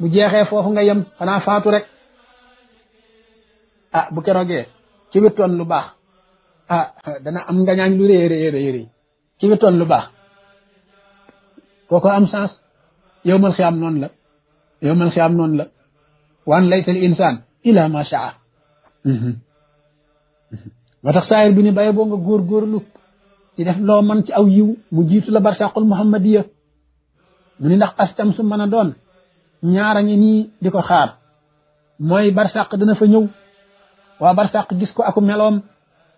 bu jeexee foofu nga yem xanaa faatu rek ah bu keroogee ci wittoon lu baax ah dana am ngañaañ lu rëy rëy rëy ci wittoon lu baax kooko am sens yowmal xiyaam noonu la yowmal xiyaam noonu la waan laysa al insaan ila ma shaa mhm. moo tax saayir bi ni baye boo nga góorgóorlu ci def loo ci aw yiw mu jiitu la barsàqul muhammadiya mu ni ndax astam su mën a doon ñaara ngi ni diko xaar mooy barsàq dana fa ñëw wa barsàq gis ko aku melom.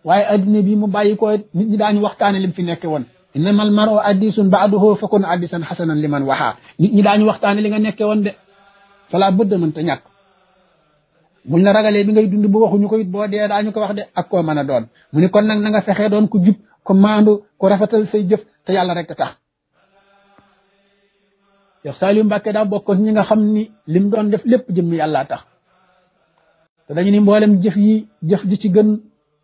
waye adina bi mu bayiko ko nit ñi dañu waxtane lim fi nekke woon innama mar'u fakun adisan hasanan liman waha nit ñi dañu waxtane li nga de fala budde mën ta ñak bu la ragale bi ngay dund bu waxu ñukoy bo de dañu ko wax de ak ko mën doon kon nak nga fexé doon ku jup ko mandu ko rafetal say jëf te yalla rek tax Cheikh Saliou Mbacke daa bokkoon ñi nga xam ni lim doon def lépp jëmmi yàllaa tax te dañu ni mboolem jëf yi jëf ji ci gën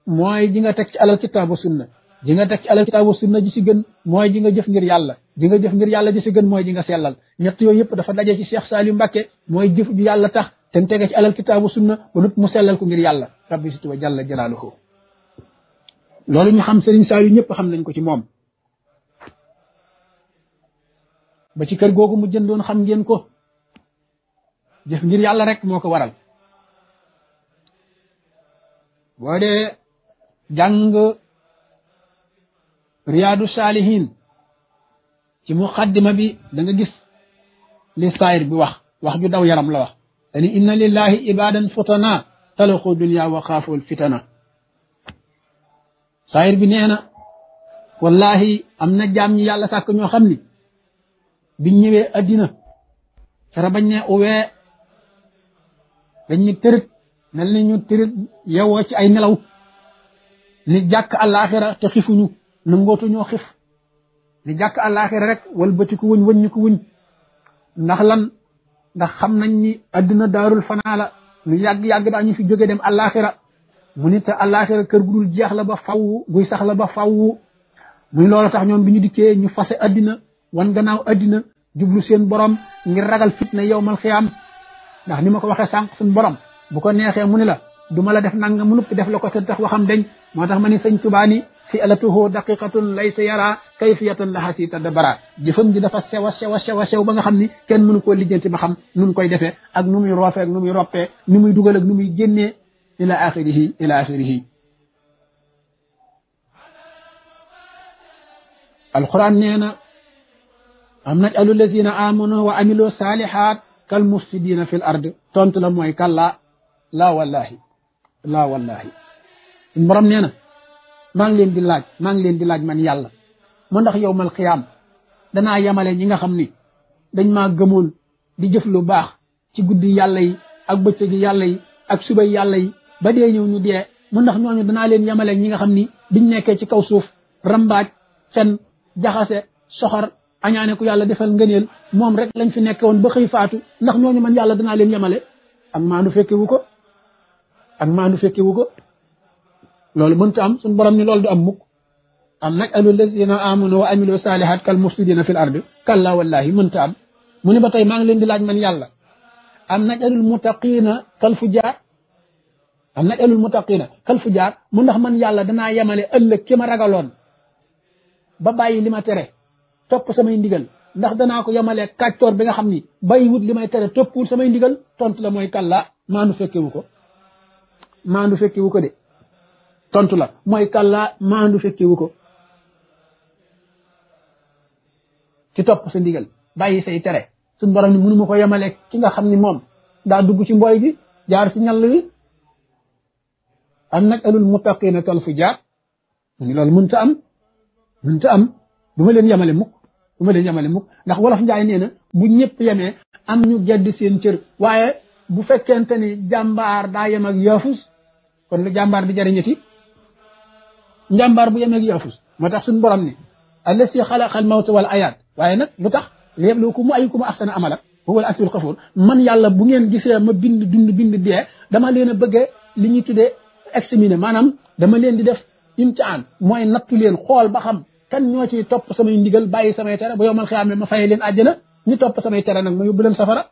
mooy ji nga teg ci alal kitaabu sunna ji nga teg ci alal kitaabu sunna ji ci gën mooy ji nga jëf ngir yàlla ji nga jëf ngir yàlla ji ci gën mooy ji nga sellal ñett yooyu yëpp dafa daje ci seex Saliou Mbacke mooy jëf ju yàlla tax te tege ci alal kitaabu sunna ba nut mu sellal ko ngir yàlla rabbi situ wa jalla jalaaluhu loolu ñu xam Serigne Saliou ñëpp xam nañ ko ci moom ba ci kër googu mu jëndoon xam ngeen ko jëf ngir yàlla rek moo ko waral boo dee jàng riyaadu saalihin ci muqaddima bi da nga gis li saayir bi wax wax ju daw yaram la wax dani inna lillahi ibadan futana talaqu dunya wa xaaful fitana saayir bi nee na wallahi am na jaam yàlla sàkk ñoo xam ni biñ ñëwee addina kera bañ ne uwee dañ ñu tërit mel ni ñu tërit yewoo ci ay nelaw ni jàkk àllaaxira te xifuñu nangootu ñoo xif ni jàkk àllaaxira rek walbati ko wuñ wëñ ñu ndax lan ndax xam nañ ni addina daarul fanaa la lu yàgg-yàgg daa ñu fi jóge dem àllaaxira mu ni te kër gu jeex la ba faww guy sax la ba faww muy loolu tax ñoom bi ñu dikkee ñu fase addina wan gannaaw àddina jublu seen borom ngir ragal fitna yowmal xiyaam ndax ni ma ko waxee sànq suñ borom bu ko neexee mu ni la du ma la def nangam mu nuppi def la ko te tax waxam deñ moo tax ma ni sëñ tubaa ni fi alatuhu daqiqatun laysa yara kayfiyatan laha si tadabara jëfam ji dafa sew a sew sew sew ba nga xam ni kenn mënu koo lijjanti ba xam nu koy defee ak nu muy roofee ak nu muy roppee nu muy dugal ak nu muy génnee ila axirihi ila axirihi alquran nee na am na najalu lazina amanu wa amilu salihat ka mufsidina fil ard tontu la mooy kalla la wallahi laa wallahi borom nee na maa ngi leen di laaj maa ngi leen di laaj man yàlla mu ndax yowmal qiyaam danaa yemale ñi nga xam ni dañ ma gëmoon di jëf lu baax ci gudd yàlla yi ak bëccëgi yàlla yi ak subay yàlla yi ba dee ñëw ñu dee mu ndax ñooñu danaa leen yemale ñi nga xam ni biñ nekkee ci kaw suuf rambaaj fen jaxase soxor añaane ku yàlla defal ngëneel moom rek lañ fi nekk woon ba xëy faatu ndax ñooñu man yàlla danaa leen yemale ak maandu fekke wu ko ak maandu fekke wu ko loolu am suñu borom ni loolu du am mukk am nag alladina amanu wa amilu salihat kal mufsidina fil ardi kalla wallahi mënta am mu ba tey maa ngi leen di laaj man yàlla am nag alul mutaqina kal fujaar am nag alul mutaqina kal mu ndax man yàlla danaa yemale ëllëg ki ma ragaloon ba bàyyi li ma tere topp samay ndigal ndax danaa ko yemaleeg kàccoor bi nga xam ni bay wut li may tere toppul samay ndigal tontu la mooy kàllaa maandu fekkewu ko maa maandu fekkewu ko de tontu la mooy kàllaa maandu fekkewu ko ci topp sa ndigal bàyyi say tere su borom ni mënu ma ko ki nga xam ni moom daa dugg ci mboy gi jaar ci ñall wi am nag alul muttaqina kal fujaar mu ngi loolu mënta am mënta am du leen yemale muk du ma leen yemale mukk ndax wolof njaay nee na bu ñëpp yemee am ñu gedd seen cër waaye bu fekkente ni jàmbaar daa yem ak yaafus kon lu jàmbaar di jariñati jàmbaar bu yem ak yaafus moo tax suñu borom ni allasi xalaqal mawta wal ayaat waaye nag lu tax liyabluwakum ayyukum ahsana amala huwa al asiul xafuur man yàlla bu ngeen gisee ma bind dund bind dee dama leen a bëggee li ñuy tuddee examiner maanaam dama leen di def imtihaan mooy nattu leen xool ba xam kan ñoo ci top sama ndigal bàyyi sama tere bu yowmal xiyamé ma fayé leen aljana ñu top sama tere nak ma yóbbu leen safara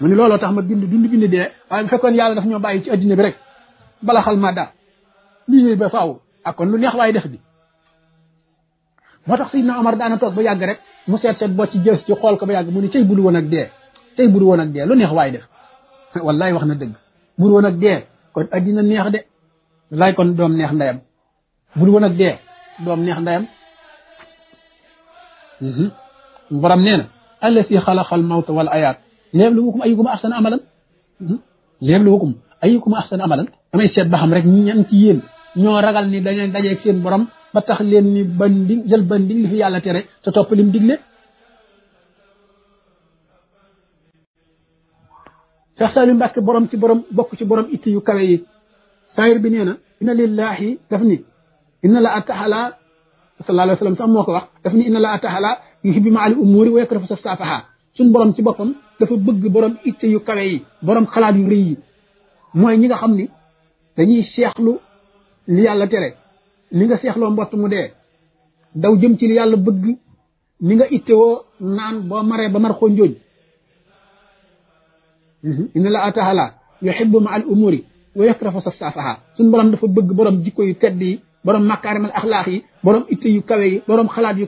mu ni looloo tax ma bind dund bind dee waaye bu fekkoon yàlla daf ñoo bàyyi ci àddina bi rek bala xal ma daal lii ba faaw ak kon lu neex waaye def bi moo tax sayidna omar daana toog ba yàgg rek mu seet seet boo ci jës ci xool ko ba yàgg mu ni cay buru woon ak dee tey buru woon ak dee lu neex waaye def wallahi wax na dëgg buru woon ak dee kon àddina neex de lay kon doom neex ndayam bul woon ak dee doom neex ndayam mhm. borom nee na allasi xalaqal mawta wal ayaat leebluwakum ayyukum ahsana amalan mhm. leebluwakum ayyukum ahsana amalan damay seet ba xam rek ñan ci yéen ñoo ragal ni dañuy dajeeg seen borom ba tax leen ni bandi jël bandi li fi yàlla tere te topp lim digle Cheikh Saliou Mbacke borom ci borom bokk ci borom itti yu kawe yi tayr bi neena inna lillahi dafni inna la atahala sallallahu alayhi wasallam sallam wax dafni inna la atahala yuhibbu ma'al umuri wa yakrafu safaha suñ borom ci bopam dafa bëgg borom itte yu kawe yi borom xalaat yu rëy yi mooy ñi nga xamni dañuy seexlu li yàlla tere li nga seexloo mbott mu dé daw jëm ci li yàlla bëgg ni nga wo naan bo maré ba mar xonjooj inna la atahala yuhibbu maal umuri wa yakrahu safsafaha suñu borom dafa bëgg borom jikko yu tedd yi borom makaarimal axlaax yi borom yu kawe yi borom xalaat yu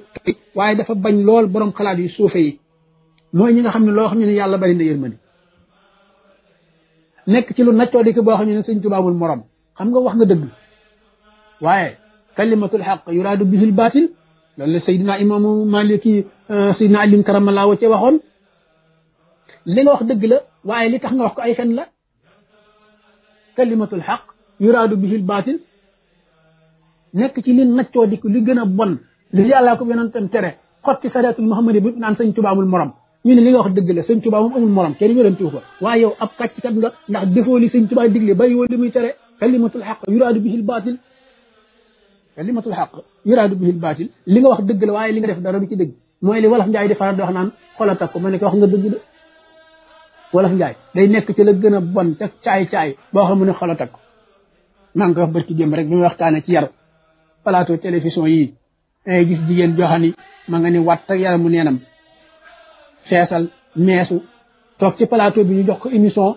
waaye dafa bañ lool borom xalaat yu suufe yi mooy ñi xam ne loo xam ne yàlla bari na yërmande nekk ci lu naccoo di ko morom xam nga wax nga dëgg waaye kalimatul xaq yuraadu bihil baatil loolu la Seydina imaamu Maliki euh, Seydina Alim Karamala wa ci waxoon li nga wax dëgg la waaye li tax nga wax ko ay fen la kalimatul xaq yuraadu bihil baatil nekk ci li naccoo dik li gën a bon li yàllaa ko yonentam tere xotti sareetul muhammadi bi naan sëñ tubaa amul morom ñu ne li nga wax dëgg la sëñ tubaa moom amul morom kenn yonentiwu ko waaye yow ab kàcckat nga ndax defoo li sëñ tubaa digle bàyyiwoo li muy tere kalimatul xaq yuraadu bihil baatil kalimatul xaq yuraadu bihil baatil li nga wax dëgg la waaye li nga def dara du ci dëgg mooy li wolof njaay di faral di wax naan xolata ko ma ne ko wax nga dëgg de wolof njaay day nekk ci la gën a bon ca caay-caay boo xam ne xol a takk maa ngi koy wax rek bi ma waxtaanee ci yaru plateau télévision yi dangay gis jigéen joo xam ni ma nga ni watt ak yaramu neenam feesal meesu toog ci plateau bi ñu jox ko émission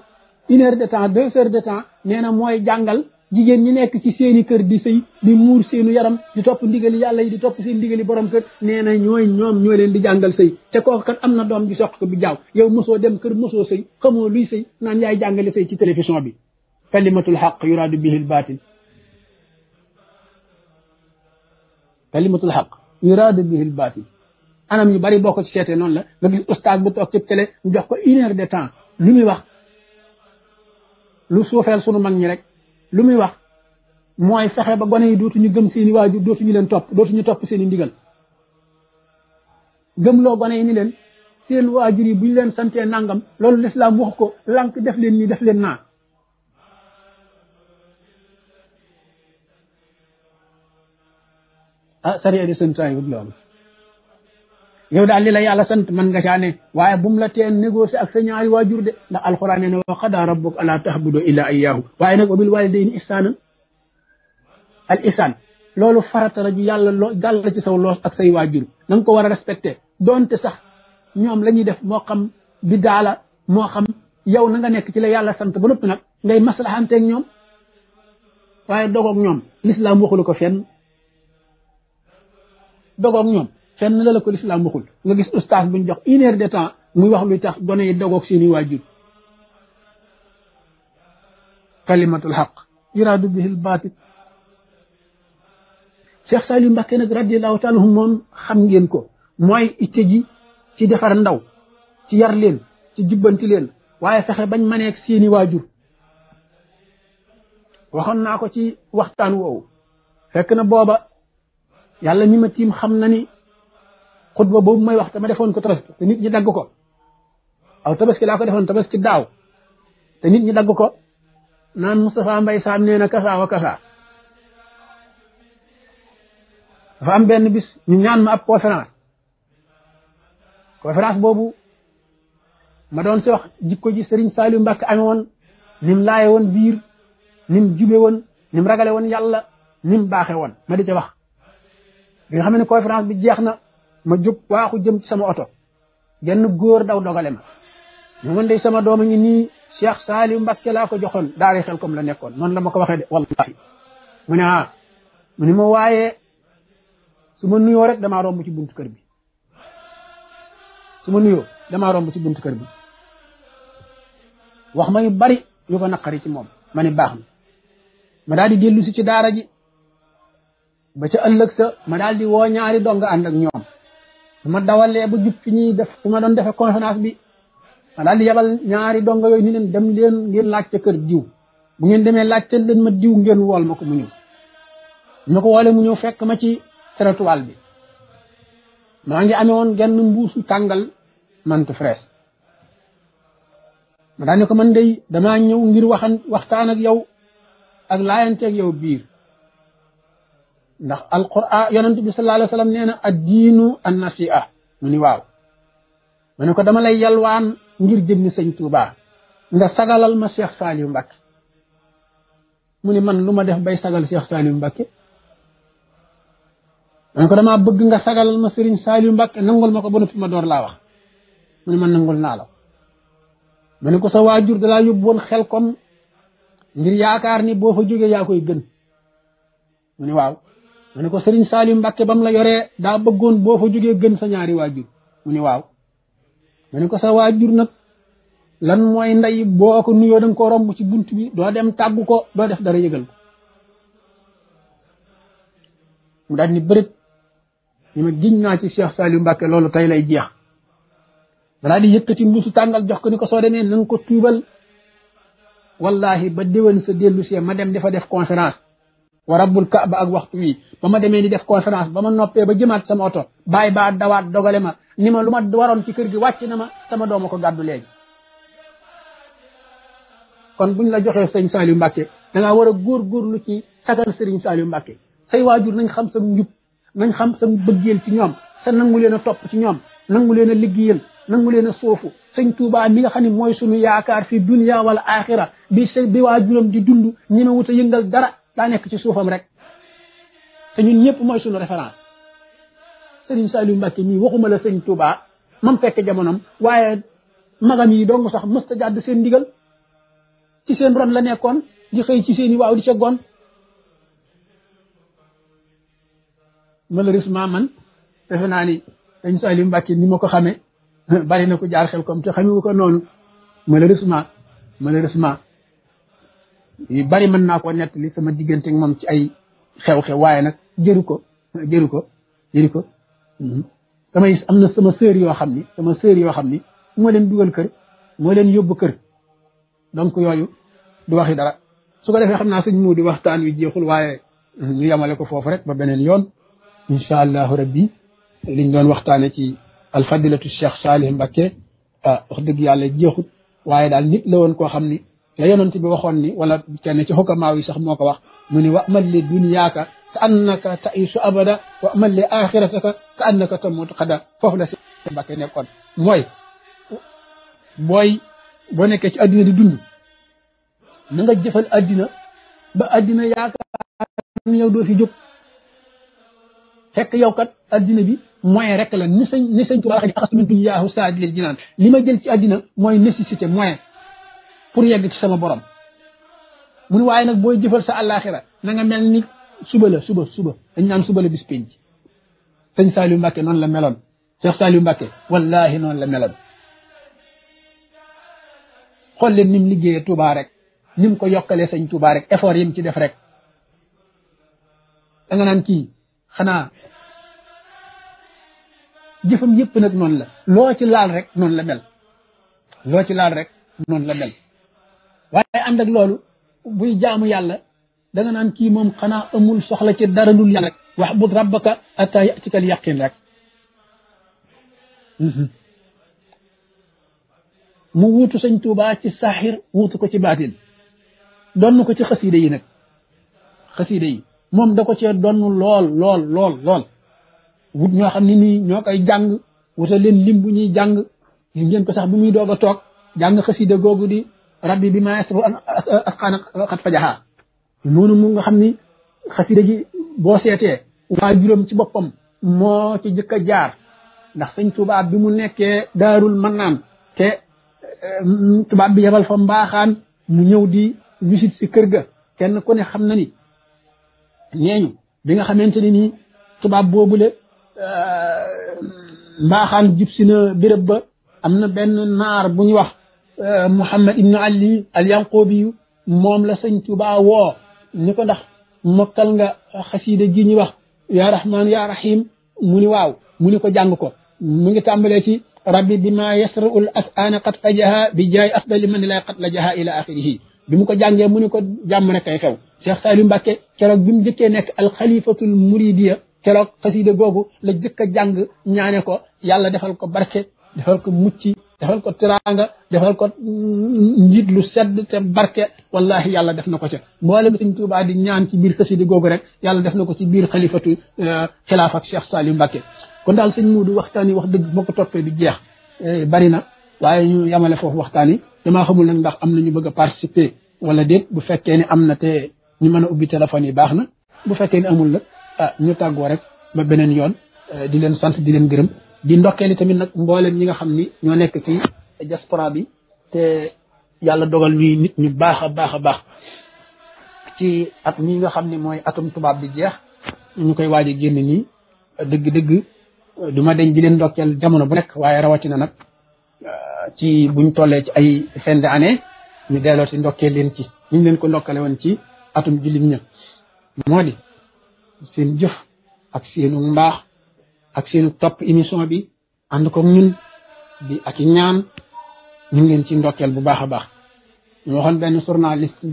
une heure de temps deux heures de temps nee na mooy jàngal jigéen ñi nekk ci seeni kër di sëy di muur seenu yaram di topp ndigali yàlla yi di topp seen ndigali borom kër nee na ñooy ñoom ñoo leen di jàngal sëy te kooku kat am na doom bi soq ko bi jaaw yow mosoo dem kër mosoo sëy xamoo luy sëy naan yaay jàngale sëy ci télévision bi kalimatul xaq yuraadu bihi l baatil kalimatul xaq yuraadu bihi l baatil anam ñu bari boo ko ci seetee noonu la nga gis oustaz bu toog ci télé ñu jox ko une de temps lu muy wa lu suufeel sunu ñi rek lu muy wax mooy fexe ba gone yi dootuñu gëm seeni waajur dootuñu leen topp dootuñu topp seeni ndigal gëmloo gone yi ni leen seen waajur yi buñ leen santee nangam loolu lislaam wax ko lànk def leen nii def leen naa ah sariya di seen taay bu loolu yow daal li la yàlla sant man nga caa waaye bu la teen négocier ak sa ñaari waajur de ndax alquran nee na wa qada rabbuka alla ta'budu illa iyyahu waaye nag wa bil walidayni ihsaanan al ihsaan loolu farata la ju yàlla loo gàll saw loos ak say waajur na nga ko war a respecté donte sax ñoom la def moo xam bi daala moo yow na nga nekk ci la yàlla sant ba noppi nag ngay maslahanteeg ñoom waaye dogoog ñoom l'islam waxulu ko fenn dogoog ñoom fenn la la ko l'islam waxul nga gis oustaz buñ jox une heure de temps muy wax luy tax gone yi dogoog seeni wajur kalimatul xaq yuraadu bihi al batil cheikh sali mbàkke nag radiallahu taala hum moom xam ngeen ko mooy itte ji ci defar ndaw ci yar leen ci jubbanti leen waaye fexe bañ maneeg seeni waajur waxoon naa ko ci waxtaan woowu fekk na booba yàlla mi ma tiim xam na ni xutba boobu may wax te ma defoon ko tabaski te nit ñi dagg ko aw tabaski laa ko defoon tabaski daaw te nit ñi dagg ko naan Moustapha Mbaye Sam nee na kasa wa kasaa dafa am benn bis ñu ñaan ma ab conférence conférence boobu ma doon ci wax jikko ji Serigne Saliou mbakk amee woon nim laaye woon biir nim jube woon nim ragale woon yàlla nim baaxe woon ma di ca wax bi nga xam ne conférence bi jeex na ma jóg waaxu jëm sama oto genn góor daw dogale ma ñu mën day sama doom a ngi nii Cheikh Saliou Mbacké laa ko joxoon daari xel comme la nekkoon noonu la ma ko waxee de wallahi mu ne ah mu ne ma waaye su ma nuyoo rek damaa romb ci buntu kër bi su ma nuyoo dama romb ci buntu kër bi wax ma yu bari yu ko naqari ci moom ma ni baax na ma daal di dellu si ci daara ji ba ca ëllëg sa ma daal di woo ñaari dong ànd ak ñoom su ma dawalee ba jub fi ñuy def su ma doon defee conférence bi ma daal di yabal ñaari dongo yooyu ni leen dem leen ngeen laajte kër diw bu ngeen demee laajte leen ma diw ngeen wool ma ko mu ñëw ma ko woolee mu ñëw fekk ma ci trottoir bi maa ngi amee genn mbuusu tàngal mante fraise ma daal ne ko man day damaa ñëw ngir waxan waxtaan ak yow ak laayanteeg yow biir ndax alquran yonent bi sallallahu alayhi wasallam neena ad dinu an-nasi'a muni waw mané ko dama lay yalwan ngir jëmmi señ Touba nga sagalal ma Cheikh Saliou Mbacké muni man luma def bay sagal Cheikh Saliou Mbacké mané ko dama bëgg nga sagalal ma Serigne Saliou Mbacké nangul mako bonu ba ma wax muni man nangul na la mané ko sa wajur da la woon xel kom ngir yaakar ni bo fa gën muni waw ma ne ko sëriñ Saliou Mbacke ba mu la yore daa bëggoon boo fa jógee gën sa ñaari waajur mu ni waaw ma ne ko sa waajur nag lan mooy ndey boo ko nuyoo danga ko romb ci bunt bi doo dem tàggu ko doo def dara yëgal ko mu daal ni bërit ni ma giñ naa ci Cheikh Saliou loolu tey lay jeex danaa di yëkkati tàngal jox ko ni ko soo demee na ko tuubal wallahi ba déwén sa dellu see ma dem dafa def conférence wa rabbul kaaba ak waxtu wi ba ma demee ni def conférence ba ma noppee ba jëmaat sama oto bàyyi baa dawaat dogale ma ni ma lu ma waroon ci kër gi wàcc na ma sama dooma ko gàddu léegi kon buñ la joxee sëñ Saliou Mbacke da ngaa war a góorgóorlu ci sagal sëriñ Saliou Mbacke say waajur nañ xam sa njub nañ xam sa bëggeel ci ñoom sa nangu leen a topp ci ñoom nangu leen a liggéeyal nangu leen a soofu sëñ Touba mi nga xam ne mooy sunu yaakaar fi dunya wala axira bi bi waajuram di dund ñi ma a daa nekk ci suufam rek te ñun ñëpp mooy suñu référence Serigne Saliou Mbacke mii waxuma la sëñ Touba mam fekk jamonom waaye magam yi dong sax mësta jàdd seen ndigal ci seen ron la nekkoon di xëy ci seeni i waaw di ca goon man defe naa ni sëñ Saliou Mbacke ni ma ko xamee bari na ko jaar xel comme te xamee ko noonu malheureusement malheureusement yu bari man naa ko nett li sama diggante ak moom ci ay xew-xew waaye nag jëru ko jëru ko jëru ko mhm. am na sama sœur yoo xam ni sama sœur yoo xam ni moo leen dugal kër moo leen yóbbu kër donc yooyu du waxi dara su ko defee xam naa suñ mu di waxtaan wi jeexul waaye ñu yamale ko foofu rek ba beneen yoon incha allahu rabbi liñ doon waxtaane ci alfadilatu cheikh Salih Mbacké ah wax dëgg yàlla jeexut waaye daal nit la woon koo xam ni la yonent bi waxoon ni wala kenn ci xukamaaw yi sax moo ko wax mu ni wa amal li dunyaaka ka annaka taisu abada wa amal li axirataka ka annaka tamut xada foofu la si mbàkke nekkoon mooy booy boo nekkee ci àddina di dund na nga jëfal àddina ba àddina yaakaar yow doo fi jóg fekk yow kat àddina bi moyen rek la ni sañ ni sañ tuba xax min dunyaahu saadi lil jinaan li ma jël ci àddina mooy nécessité moyen pour yegg ci sama borom mu ne waaye nag booy jëfal sa àllaaxira na nga mel ni suba la suba suba dañ naan suba la bis penc sëñ Saliou Mbacke noonu la meloon Cheikh Saliou Mbacke wallahi noonu la meloon xol leen nim liggéeyee Touba rek nim ko yokkalee sëñ Touba rek effort yim ci def rek da nga naan kii xanaa jëfam yépp nag noonu la loo ci laal rek noonu la mel loo ci laal rek noonu la mel waaye ànd ak loolu buy jaamu yàlla danga naan kii moom xanaa amul soxla ci dara dul yàlla rek wax bu rabbaka atta yatikal yaqin rek mhm. mu wuutu sëñ Tuubaa ci saaxir wuutu ko ci baatin donn ko ci xasiide yi nag xasiide yi moom da ko cee donn lool lool lool lool wut ñoo xam ni nii ñoo koy jàng wuta leen bu ñuy jàng gis ngeen ko sax bi muy doog a toog jàng xasiide googu di rabbi bi maa yasabu a xat fajaxaa noonu mu nga xam ni xasida boo seetee waa juróom ci boppam moo ci jëkk a jaar ndax sëñ tubaab bi mu nekkee daarul mannaan te eh, tubaab bi yebal fa mbaaxaan mu ñëw di visite si kër ga kenn ku ne xam na ni neeñu bi nga xamante ni nii tubaab boobule eh, mbaaxaan jub si na ba am na benn naar bu ñu wax muhammad ibnu ali alyanqoobiyu moom la sëñ Tuubaa woo ni ko ndax mokkal nga xasiida gi ñu wax yaa rahman yaa rahim mu ni waaw mu ni ko jàng ko mu ngi tàmbalee ci rabbi bi ma yasraul asana qad fajaha bi jaay afdali man lay qad lajaha ila axirihi bi mu ko jàngee mu ni ko jàmm rek kay xew Cheikh Saliou Mbacke keroog bi mu jëkkee nekk alxalifatul muridiya keroog xasiida googu la jëkk a jàng ñaane ko yàlla defal ko barke defal ko mucc defal ko tiraanga defal ko njiit lu sedd te barke wallahi yàlla def na ko ca mboolem sëñ Tuubaa di ñaan ci biir xasidi googu rek yàlla def na ko ci biir xalifatu eh, xilaaf ak Cheikh Saliou Mbacké kon daal sëñ Muudu waxtaan yi wax dëgg moo ko toppee du jeex eh, bari na waaye ñu yamale foofu waxtaan yi damaa xamul nag ndax am na ñu bëgg a participer wala déet bu fekkee ne am na te ñu mën a ubbi téléphone yi baax na bu fekkee ne amul nag ah ñu tàggoo rek ba beneen yoon eh, di leen sant di leen gërëm di ndokkeeli tamit nag mboole ñi nga xam ni ñoo nekk ci diaspora bi te yàlla dogal ñuy nit ñu baax a baax a baax ci at mii nga xam ni mooy atum tubaab bi jeex ñu koy waaj a ni nii dëgg-dëgg du ma deñ di leen ndokkeel jamono bu nekk waaye rawatina nag euh, ci buñ tollee ci ay fin d'année ñu delloo ci ndokkeel leen ci ñu leen ko ndokkale woon ci atum jullit ña moo seen jëf ak seenu mbaax ak seen top émission bi and ko ñun di ak ñaan ñu ngeen ci ndokkel bu baaxa baax ñu waxon ben journaliste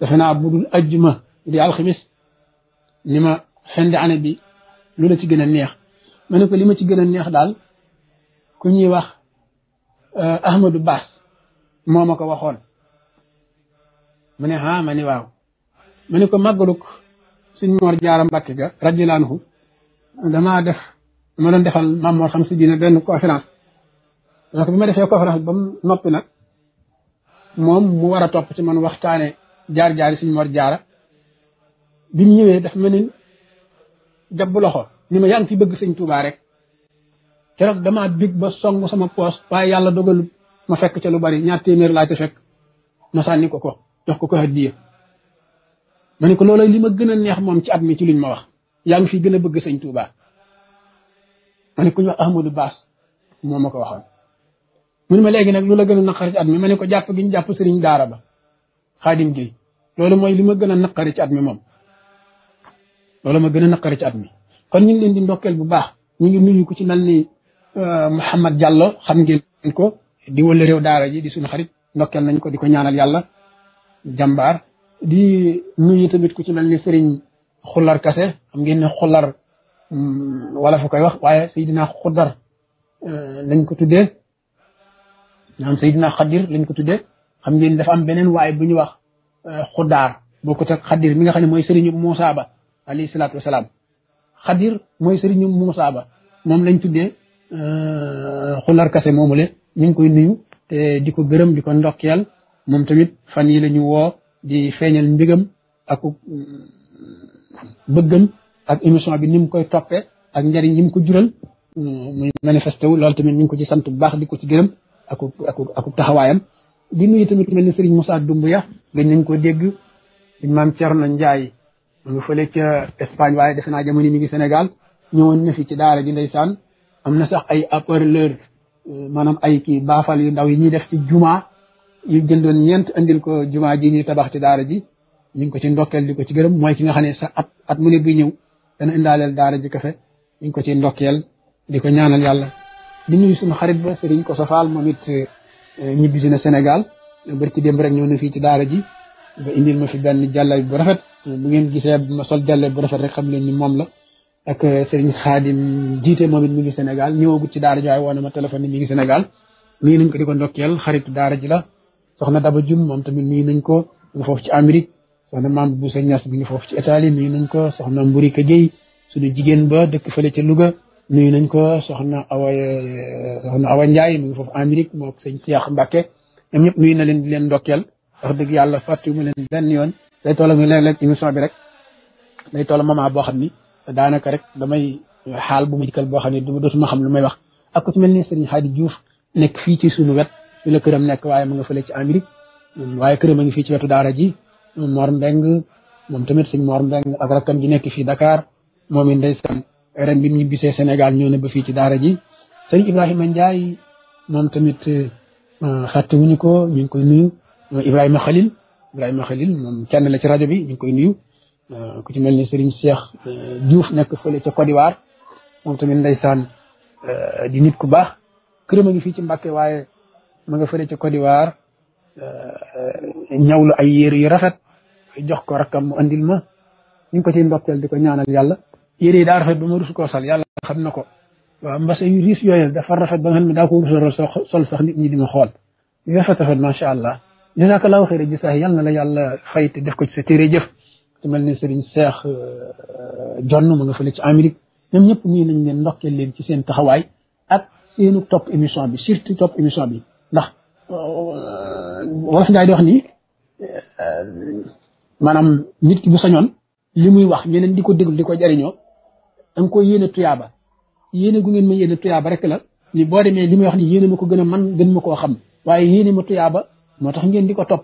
dafa na budul aljuma di alxamis nima xend ane bi lu la ci gëna neex mané ko lima ci gëna neex dal ku ñuy wax euh ahmadou bass moma ko waxon mané ha ah, mané waaw mané ko magaluk suñ mor jaaram bakke ga radiyallahu anhu damaa def dama defal maam moo xam si dina benn conférence parce que ma defee conférence ba mu noppi nag moom mu war a topp ci man waxtaane jaar-jaar yi suñu mor jaara bi mu ñëwee daf ma ne jàpp loxo ni ma yaa ngi fi bëgg sëñ Tuubaa rek keroog damaa big ba song sama poos waaye yàlla dogalu ma fekk ca lu bari ñaar téeméer laa ca fekk ma sànni ko ko jox ko ko hadiya ma ne ko loolooy li ma gën a neex moom ci at mi ci luñ ma wax yaa ngi fi gën a bëgg sëñ Touba ma kuñ ku ñu wax Ahmadou Baas moom ma ko waxoon. mu ne ma léegi nag lu la gën a naqari at mi ma ne ko jàpp gi ñu jàpp sëriñ daara ba xaadim gi loolu mooy li ma gën a naqari ci at mi moom loolu ma gën a naqari ci at mi kon ñu ngi leen di ndokkeel bu baax ñu ngi nuyu ku ci mel ni euh, Mouhamed Diallo xam ngeen ko di wëlle réew daara ji di suñu xarit ndokkeel nañ ko di ko ñaanal yàlla jàmbaar di nuyu tamit ku ci mel ni sëriñ xullar kase xam ngeen ne xullar mm, wala fu koy wax waaye Seydina xuddar euh, lañ ko tudde tuddee naam Seydina xadir lañ ko tuddee xam ngeen dafa am beneen waaye bu ñu wax euh, xuddaar bokkut ak xadir mi nga xam ne mooy sëriñu Muusa ba alayhi salaatu wasalaam xadir mooy sëriñu Muusa ba moom lañ tuddee euh, xullar kase moomule ñu ngi koy nuyu te di ko gërëm di ko ndokkeel moom tamit fan yi la woo di feeñal mbigam ak mm, bëggam ak émission bi ni koy toppee ak njariñ yi mu ko jural muy manifesté wu loolu tamit ñu ngi ko ci sant bu baax di ko ci gërëm ak ak ak taxawaayam di nuyu tamit mel ni Serigne Moussa Doumbouya gën nañ ko dégg suñ maam Thierno Ndiaye mu ngi fële ca Espagne waaye defe naa jamono mi ngi Sénégal ñëwoon na fi ci daara ji ndeysaan am na sax ay haut-parleur euh, maanaam ay kii baafal yu ndaw yi ñuy def ci jumaa juma yu doon ñeent andil ko jumaa ji ñuy tabax ci daara ji ñu ngi ko ci ndokkeel di ko ci gërëm mooy ki nga xam ne sax at at mu ne buy ñëw dana indaaleel daara ji kafe ñu ngi ko ci ndokkeel di ko ñaanal yàlla di nuyu suma xarit ba sëriñ ko safaal moom it eh, ñibbisi na Sénégal bari ci démb rek ñëw na fii ci daara ji ba indil ma fi benn jàllale bu rafet bu ngeen gisee ma sol jàllale bu rafet rek xam leen ni moom la ak eh, sëriñ xaadim jiite moom it mi ngi ñëw ñëwagut ci daara ji waaye woon ma téléphone ni mi ngi Sénégal nuyu nañ ko di ko ndokkeel xaritu daara ji la soxna Daba Jum moom tamit nuyu nañ ko foofu ci Amérique soxna maam bu sa ñas mi ngi foofu ci Italie nuyu nañ ko soxna Mburi Ka Guèye suñu jigéen ba dëkk fële ca Louga nuyu nañ ko soxna Awa eh, soxna Awa Ndiaye mi ngi foofu Amérique moo sëñ Siyaax Mbàkke ñoom ñëpp nuyu na leen di leen ndokkeel wax dëgg yàlla fàttewu ma leen yoon day toola mu léeg-léeg émission bi rek day boo xam ni daanaka rek damay xaal bu ma jikkal boo xam ne duma dootuma xam lu may wax ak ku ci mel ni sëñ Xaadi Diouf nekk fii ci suñu wet fi la këram nekk waaye mu nga fële ci Amérique waaye këram a ngi fii ci wetu daara ji Mor Mbeng moom tamit sëñ Mor Mbeng ak rakkam ji nekk fii Dakar moom it ndeysaan ren bi ñu bisee Sénégal ñoo na ba fii ci daara ji sëñ Ibrahima Ndiaye moom tamit xàttewuñu euh, ko ñu ngi koy nuyu Ibrahima Khalil Ibrahima Khalil moom kenn ci rajo bi ñu ngi koy nuyu euh, ku ci mel ni Serigne seex euh, Diouf nekk fële ca moom tamit ndeysaan di nit ku baax fii ci Mbàkke waaye ma nga fële ca Côte d'Ivoire ñawlu ay yére yu rafet jox ko rakam mu andil ma ñu ko ci ndokkeel diko ñaanal yàlla yére da rafet ba mu rusu ko sal yàlla xam nako wa waaw yu ris yoyal da fa rafet ba ngeen xam ne daa ko rus sol sax nit ñi di ma xool yu rafet ma sha allah jazakallahu ji jisaay yàlla na la yàlla fay te def ko ci sa tere jëf ci melni Serigne Cheikh john mu nga fële ci Amérique ñom ñep ñi nañ leen ndokkel leen ci seen taxaway ak seenu top émission bi surtout top émission bi ndax wax Njaay di wax ni maanaam nit ki bu sañoon li muy wax ñeneen di ko déglu di ko jariñoo da nga ko yéene tuyaaba yéene gu ngeen ma yéene tuyaaba rek la ni boo demee li muy wax ni yéene ma ko gën a man gën ma koo xam waaye yéene ma tuyaaba moo tax ngeen di ko topp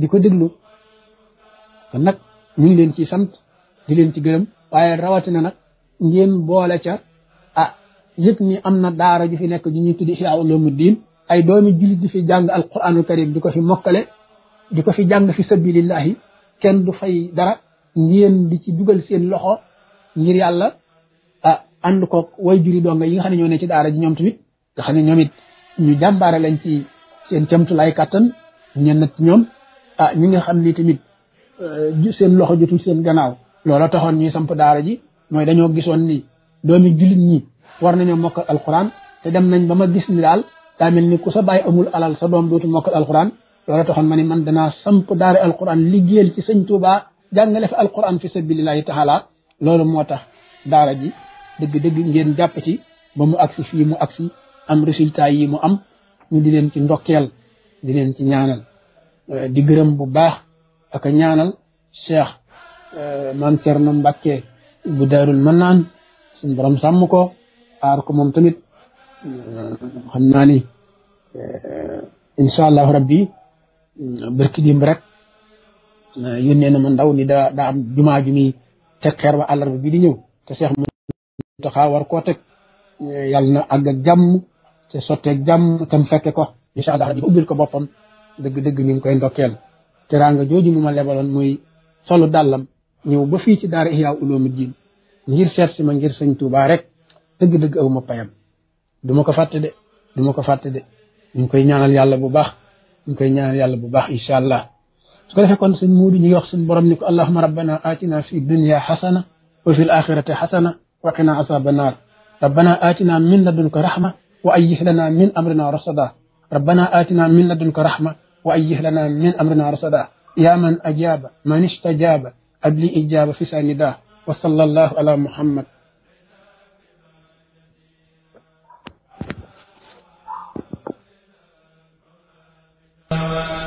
di ko déglu kon nag leen ci sant di leen ci gërëm waaye rawatina nag ngeen boole ca ah yëg ni am na daara ju fi nekk ju ñuy tuddi Ihya Ulumuddin ay doomi jullit di fi jàng alquranul karim di ko fi mokkale di ko fi jàng fi sabilillahi kenn du fay dara ngeen di ci dugal seen loxo ngir yàlla a ah, ànd koog way juri donga yi nga xam ne ñoo ne ci daara ji ñoom tamit nga xam ne ñoom it ñu jàmbaare lañ ci seen cëmtulaay kàttan ñenn ñoom a ah, ñi nga xam ni tamit eh, seen loxo jotul seen gannaaw loola taxoon ñi samp daara ji mooy dañoo gisoon ni doomi jullit ñi war nañoo mokkal alquran te dem nañ ba ma gis ni daal daa ni ku sa bàyyi amul alal sa doom dootu mokkal alquran loola taxoon mani mandana man dana samp daare alquran liggéeyal ci seigne Touba jangale fi alquran fi sabilillahi taala lolu motax daara ji deug deug ngeen japp ci ba mu aksi fi mu aksi am resultat yi mu am ñu di leen ci ndokkel di leen ci ñaanal euh, di gërëm bu baax ak ñaanal cheikh euh, man cerno Mbacke bu darul manan sun borom sam ko ar ko mom tamit euh, xamna ni rabbi barki dimb rek euh, yónnee na ma ndaw ni da daa am jumaa ju muy teg xeer ba àllarba bi di ñëw te Cheikh Mountakha war koo teg euh, yàlla na àgg ak jàmm te sotteeg jàmm tam fekke ko incha allah di ubbil ko boppam dëgg-dëgg ñu ngi koy ndokkeel teraanga jooju mu ma lebaloon muy solu dàllam ñëw ba fii ci daara Ihya Ulumuddin ngir seet si ma ngir sëñ Tuubaa rek dëgg-dëgg aw ma payam du ma ko fàtte de du ko fàtte de ñu ngi koy ñaanal yàlla bu baax ñu koy ñaan yàlla bu baax incha allah su ko defee kon sëñ muudu ñu ngi wax suñu borom ni ko allahuma rabbana atina fi dunya xasana wa fi l axirati xasana wa qina asaba naar rabbana atina min ladunka rahma wa ayyih lana min amrina rasada rabbana atina min ladunka rahma wa ayyih lana min amrina rasada ya man ajaba man istajaba abli ijaba fi sanida wa sallallahu ala muhammad Música